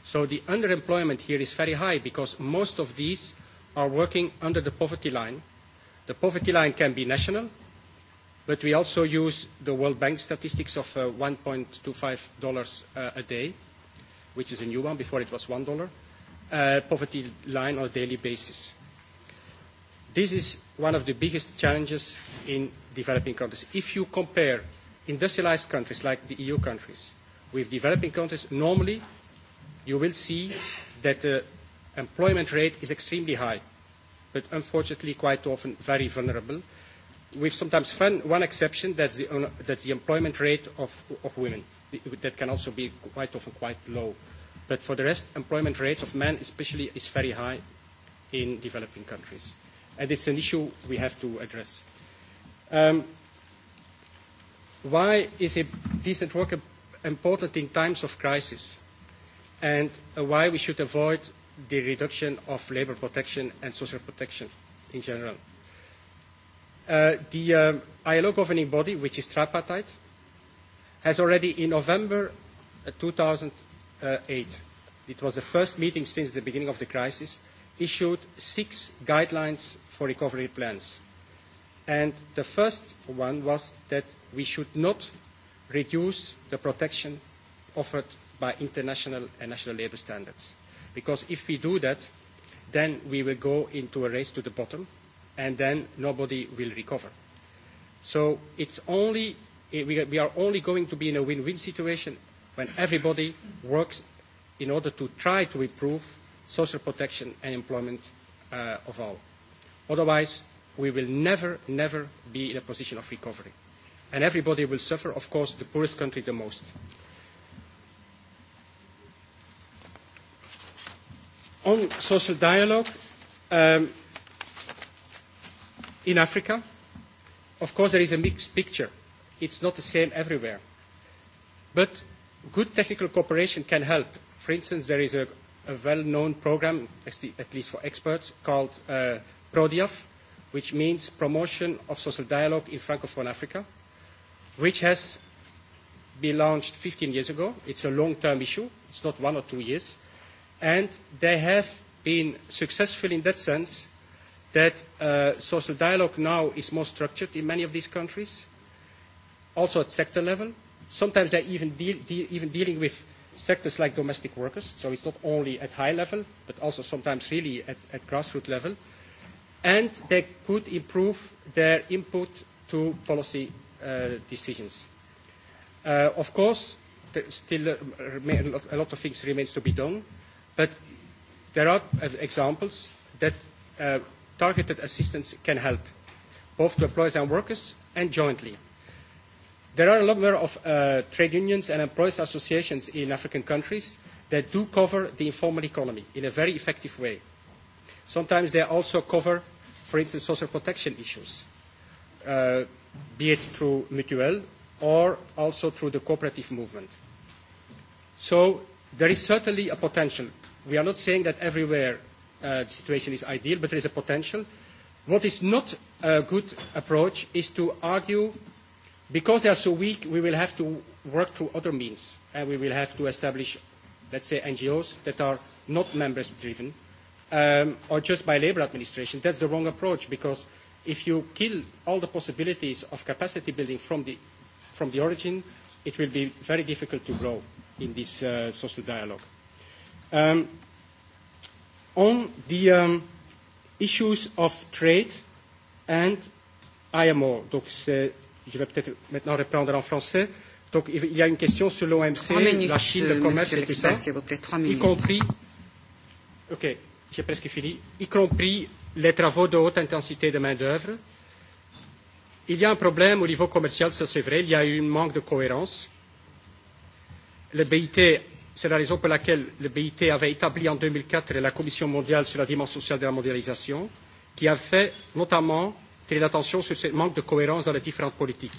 So the underemployment here is very high because most of these are working under the poverty line. The poverty line can be national, but we also use the World Bank statistics of uh, $1.25 uh, a day, which is a new one. Before it was $1, uh, poverty line on a daily basis. This is one of the biggest challenges in developing countries. If you compare industrialised countries like the EU countries with developing countries, normally you will see that the employment rate is extremely high, but unfortunately quite often very vulnerable, with sometimes fun, one exception that's the, that's the employment rate of, of women. That can also be quite often quite low. But for the rest, employment rates of men especially is very high in developing countries. And it's an issue we have to address. Um, why is a decent work important in times of crisis? and why we should avoid the reduction of labour protection and social protection in general. Uh, the um, ILO governing body, which is tripartite, has already in November uh, two thousand eight it was the first meeting since the beginning of the crisis, issued six guidelines for recovery plans. And the first one was that we should not reduce the protection offered by international and national labour standards. Because if we do that, then we will go into a race to the bottom, and then nobody will recover. So it's only, eh, we are only going to be in a win-win situation when everybody works in order to try to improve social protection and employment uh, of all. Otherwise, we will never, never be in a position of recovery. And everybody will suffer, of course, the poorest country the most. on social dialogue um, in Africa, of course, there is a mixed picture. It's not the same everywhere. But good technical cooperation can help. For instance, there is a, a well-known program, at least for experts, called uh, PRODIAF, which means Promotion of Social Dialogue in Francophone Africa, which has been launched 15 years ago. It's a long-term issue. It's not one or two years And they have been successful in that sense that uh, social dialogue now is more structured in many of these countries, also at sector level. Sometimes they're even, deal, de even dealing with sectors like domestic workers, so it's not only at high level, but also sometimes really at, at grassroots level. And they could improve their input to policy uh, decisions. Uh, of course, there still uh, a lot of things remains to be done But there are uh, examples that uh, targeted assistance can help, both to employers and workers and jointly. There are a lot more of uh, trade unions and employers' associations in African countries that do cover the informal economy in a very effective way. Sometimes they also cover, for instance, social protection issues, uh, be it through Mutuel or also through the cooperative movement. So there is certainly a potential We are not saying that everywhere uh, the situation is ideal, but there is a potential. What is not a good approach is to argue because they are so weak, we will have to work through other means, and we will have to establish, let's say, NGOs that are not members driven, um, or just by labor administration. That's the wrong approach because if you kill all the possibilities of capacity building from the, from the origin, it will be very difficult to grow in this uh, social dialogue. Um, on the um, issues of trade and IMO, donc c'est, je vais peut-être maintenant reprendre en français. Donc il y a une question sur l'OMC, la Chine, le euh, commerce et tout ça, plaît, y compris, ok, j'ai presque fini, y compris les travaux de haute intensité de main d'œuvre. Il y a un problème au niveau commercial, ça c'est vrai, il y a eu un manque de cohérence. Le BIT C'est la raison pour laquelle le BIT avait établi en deux mille quatre la Commission mondiale sur la dimension sociale de la mondialisation, qui a fait notamment tirer l'attention sur ce manque de cohérence dans les différentes politiques.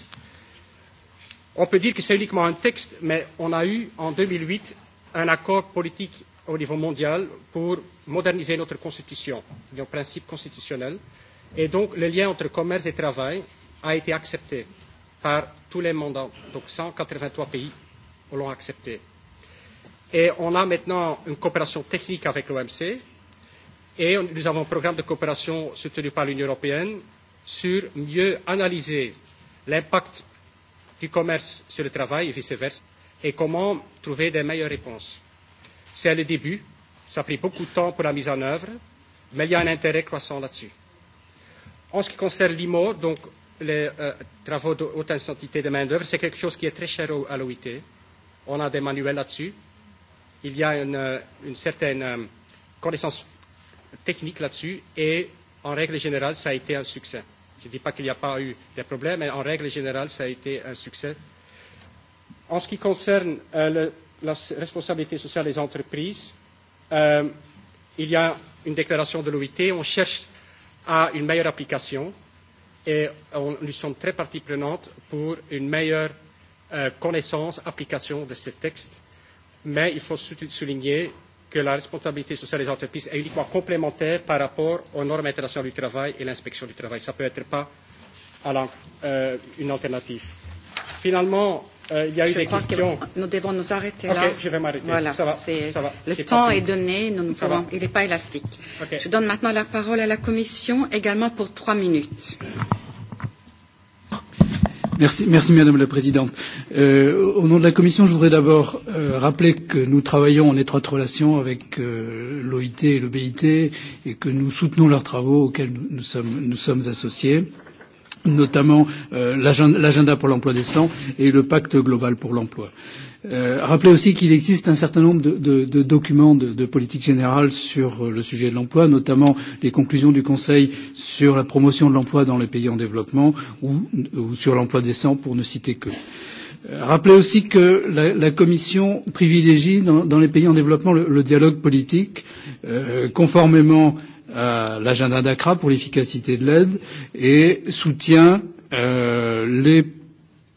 On peut dire que c'est uniquement un texte, mais on a eu en deux mille huit un accord politique au niveau mondial pour moderniser notre constitution, nos principes constitutionnels. Et donc le lien entre commerce et travail a été accepté par tous les mandats. Donc cent quatre-vingt-trois pays l'ont accepté. Et on a maintenant une coopération technique avec l'OMC. Et nous avons un programme de coopération soutenu par l'Union européenne sur mieux analyser l'impact du commerce sur le travail et vice-versa, et comment trouver des meilleures réponses. C'est le début, ça a pris beaucoup de temps pour la mise en œuvre, mais il y a un intérêt croissant là-dessus. En ce qui concerne l'IMO, donc les euh, travaux de haute intensité de main-d'œuvre, c'est quelque chose qui est très cher à l'OIT. On a des manuels là-dessus il y a une, une certaine euh, connaissance technique là-dessus et en règle générale, ça a été un succès. Je ne dis pas qu'il n'y a pas eu des problèmes, mais en règle générale, ça a été un succès. En ce qui concerne euh, le, la responsabilité sociale des entreprises, euh, il y a une déclaration de l'OIT. On cherche à une meilleure application et on, nous sommes très partie prenante pour une meilleure euh, connaissance, application de ce texte mais il faut souligner que la responsabilité sociale des entreprises est uniquement complémentaire par rapport aux normes internationales du travail et l'inspection du travail. Ça ne peut être pas alors, euh, une alternative. Finalement, euh, il y a eu des crois questions. Que nous devons nous arrêter okay, là. Je vais m'arrêter. Voilà, ça va, ça va. Le temps est donné, nous ne pouvons, il n'est pas élastique. Okay. Je donne maintenant la parole à la Commission également pour trois minutes. Merci, merci Madame la Présidente. Euh, au nom de la Commission, je voudrais d'abord euh, rappeler que nous travaillons en étroite relation avec euh, l'OIT et le BIT et que nous soutenons leurs travaux auxquels nous sommes, nous sommes associés notamment euh, l'agenda pour l'emploi décent et le pacte global pour l'emploi. Euh, Euh, rappelez aussi qu'il existe un certain nombre de, de, de documents de, de politique générale sur euh, le sujet de l'emploi, notamment les conclusions du Conseil sur la promotion de l'emploi dans les pays en développement ou, ou sur l'emploi décent, pour ne citer que. Euh, rappelez aussi que la, la Commission privilégie dans, dans les pays en développement le, le dialogue politique, euh, conformément à l'agenda d'Accra pour l'efficacité de l'aide, et soutient euh, les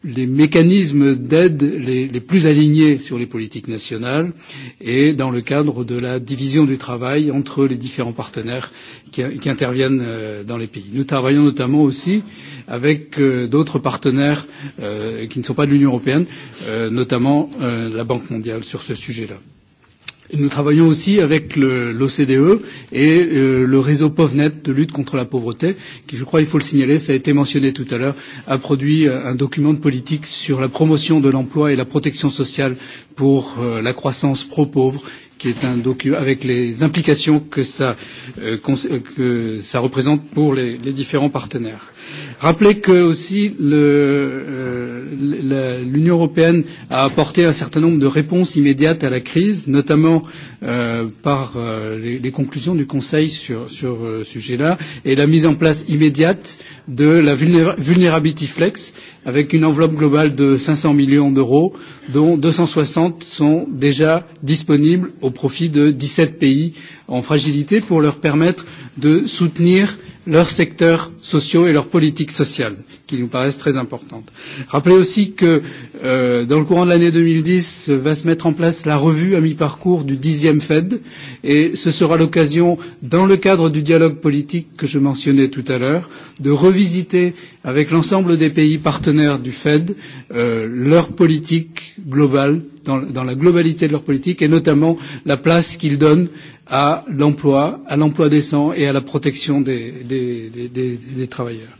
les mécanismes d'aide les, les plus alignés sur les politiques nationales et dans le cadre de la division du travail entre les différents partenaires qui, qui interviennent euh, dans les pays. Nous travaillons notamment aussi avec euh, d'autres partenaires euh, qui ne sont pas de l'Union européenne, notamment la Banque mondiale sur ce sujet-là. Nous travaillons aussi avec l'OCDE et euh, le réseau PovNet de lutte contre la pauvreté, qui, je crois, il faut le signaler, ça a été mentionné tout à l'heure, a produit euh, un document de politique sur la promotion de l'emploi et la protection sociale pour euh, la croissance pro-pauvre qui est un document avec les implications que ça, euh, euh, que ça représente pour les, les différents partenaires. Rappelez que aussi euh, l'Union euh, européenne a apporté un certain nombre de réponses immédiates à la crise, notamment euh, par euh, les, les conclusions du Conseil sur, sur euh, ce sujet-là et la mise en place immédiate de la vulnéra Vulnerability Flex avec une enveloppe globale de 500 millions d'euros dont 260 sont déjà disponibles au profit de dix sept pays en fragilité pour leur permettre de soutenir leurs secteurs sociaux et leurs politiques sociales qui nous paraissent très importantes. Rappelez aussi que euh, dans le courant de l'année 2010 va se mettre en place la revue à mi-parcours du dixième Fed et ce sera l'occasion, dans le cadre du dialogue politique que je mentionnais tout à l'heure, de revisiter avec l'ensemble des pays partenaires du Fed euh, leur politique globale, dans, dans la globalité de leur politique et notamment la place qu'ils donnent à l'emploi, à l'emploi décent et à la protection des, des, des, des, des travailleurs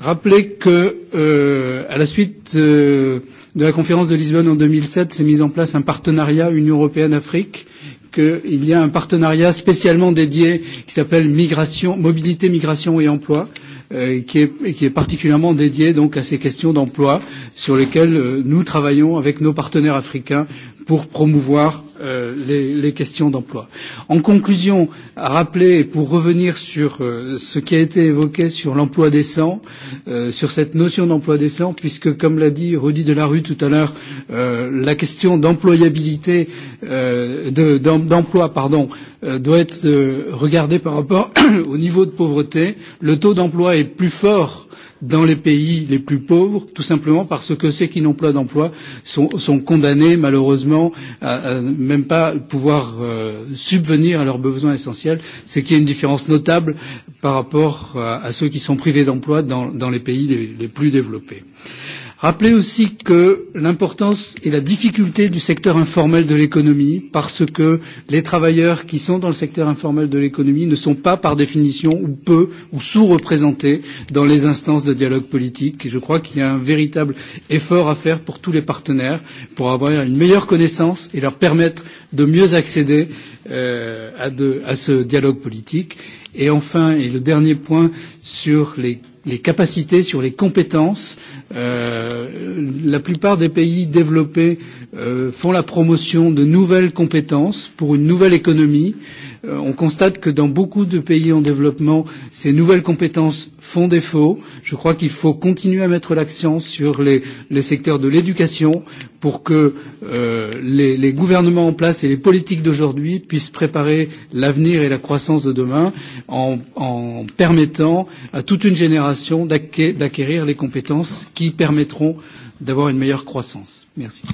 rappeler que, euh, à la suite euh, de la conférence de Lisbonne en 2007, s'est mis en place un partenariat Union européenne-Afrique qu'il y a un partenariat spécialement dédié qui s'appelle migration, mobilité, migration et emploi, euh, qui, est, qui est particulièrement dédié donc à ces questions d'emploi sur lesquelles euh, nous travaillons avec nos partenaires africains pour promouvoir euh, les, les questions d'emploi. En conclusion, à rappeler, pour revenir sur euh, ce qui a été évoqué sur l'emploi décent, euh, sur cette notion d'emploi décent, puisque, comme l'a dit Rudy Delarue tout à l'heure, euh, la question d'employabilité, euh, d'emploi, de, pardon, euh, doit être euh, regardée par rapport au niveau de pauvreté. Le taux d'emploi est plus fort dans les pays les plus pauvres, tout simplement parce que ceux qui n'ont pas d'emploi sont, sont condamnés malheureusement à, à même pas pouvoir euh, subvenir à leurs besoins essentiels, ce qui est une différence notable par rapport à, euh, à ceux qui sont privés d'emploi dans, dans les pays les, les plus développés. Euh, Rappelez aussi que l'importance et la difficulté du secteur informel de l'économie, parce que les travailleurs qui sont dans le secteur informel de l'économie ne sont pas par définition ou peu ou sous-représentés dans les instances de dialogue politique. Et je crois qu'il y a un véritable effort à faire pour tous les partenaires pour avoir une meilleure connaissance et leur permettre de mieux accéder euh, à, de, à ce dialogue politique. Et enfin, et le dernier point sur les les capacités, sur les compétences. Euh, la plupart des pays développés euh, font la promotion de nouvelles compétences pour une nouvelle économie. Euh, Euh, on constate que dans beaucoup de pays en développement, ces nouvelles compétences font défaut. Je crois qu'il faut continuer à mettre l'accent sur les, les secteurs de l'éducation pour que euh, les, les gouvernements en place et les politiques d'aujourd'hui puissent préparer l'avenir et la croissance de demain en, en permettant à toute une génération d'acquérir les compétences qui permettront d'avoir une meilleure croissance. Merci.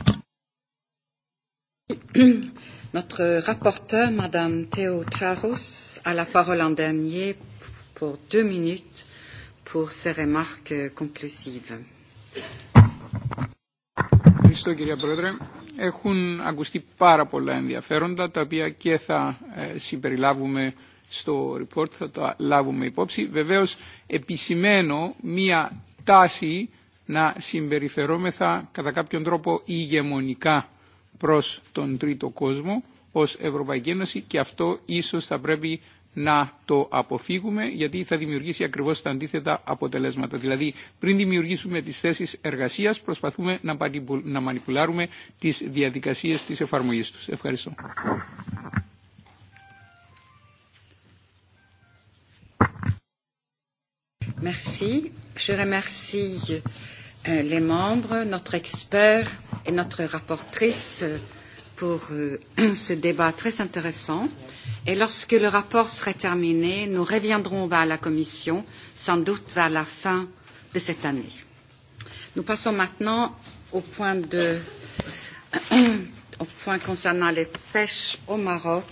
Notre rapporteur, Madame Theo Charus, a la parole en dernier pour deux minutes pour ses remarques conclusives. Ευχαριστώ κυρία Πρόεδρε. Έχουν ακουστεί πάρα πολλά ενδιαφέροντα τα οποία και θα συμπεριλάβουμε στο report, θα τα λάβουμε υπόψη. Βεβαίως επισημαίνω μία τάση να συμπεριφερόμεθα κατά κάποιον τρόπο ηγεμονικά προς τον τρίτο κόσμο ως Ευρωπαϊκή Ένωση και αυτό ίσως θα πρέπει να το αποφύγουμε γιατί θα δημιουργήσει ακριβώς τα αντίθετα αποτελέσματα. Δηλαδή πριν δημιουργήσουμε τις θέσεις εργασίας προσπαθούμε να, να μανιπουλάρουμε τις διαδικασίες της εφαρμογής τους. Ευχαριστώ. Merci. Je remercie euh, les membres, notre expert et notre rapportrice euh, pour euh, ce débat très intéressant. Et lorsque le rapport sera terminé, nous reviendrons vers la Commission, sans doute vers la fin de cette année. Nous passons maintenant au point, de, au point concernant les pêches au Maroc,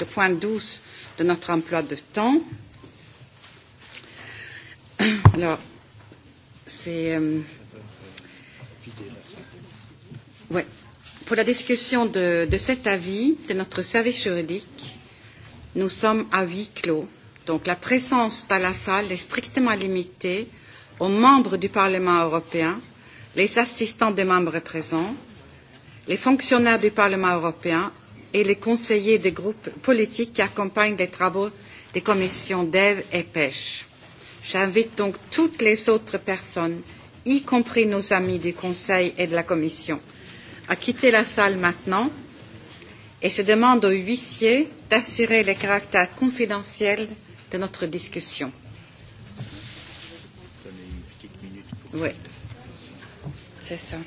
le point 12 de notre emploi de temps. Alors, c'est. Euh, Oui. Pour la discussion de, de cet avis de notre service juridique, nous sommes à huis clos. Donc la présence dans la salle est strictement limitée aux membres du Parlement européen, les assistants des membres présents, les fonctionnaires du Parlement européen et les conseillers des groupes politiques qui accompagnent les travaux des commissions d'Ève et Pêche. J'invite donc toutes les autres personnes, y compris nos amis du Conseil et de la Commission, à quitter la salle maintenant et je demande aux huissiers d'assurer le caractère confidentiel de notre discussion. Oui, c'est ça.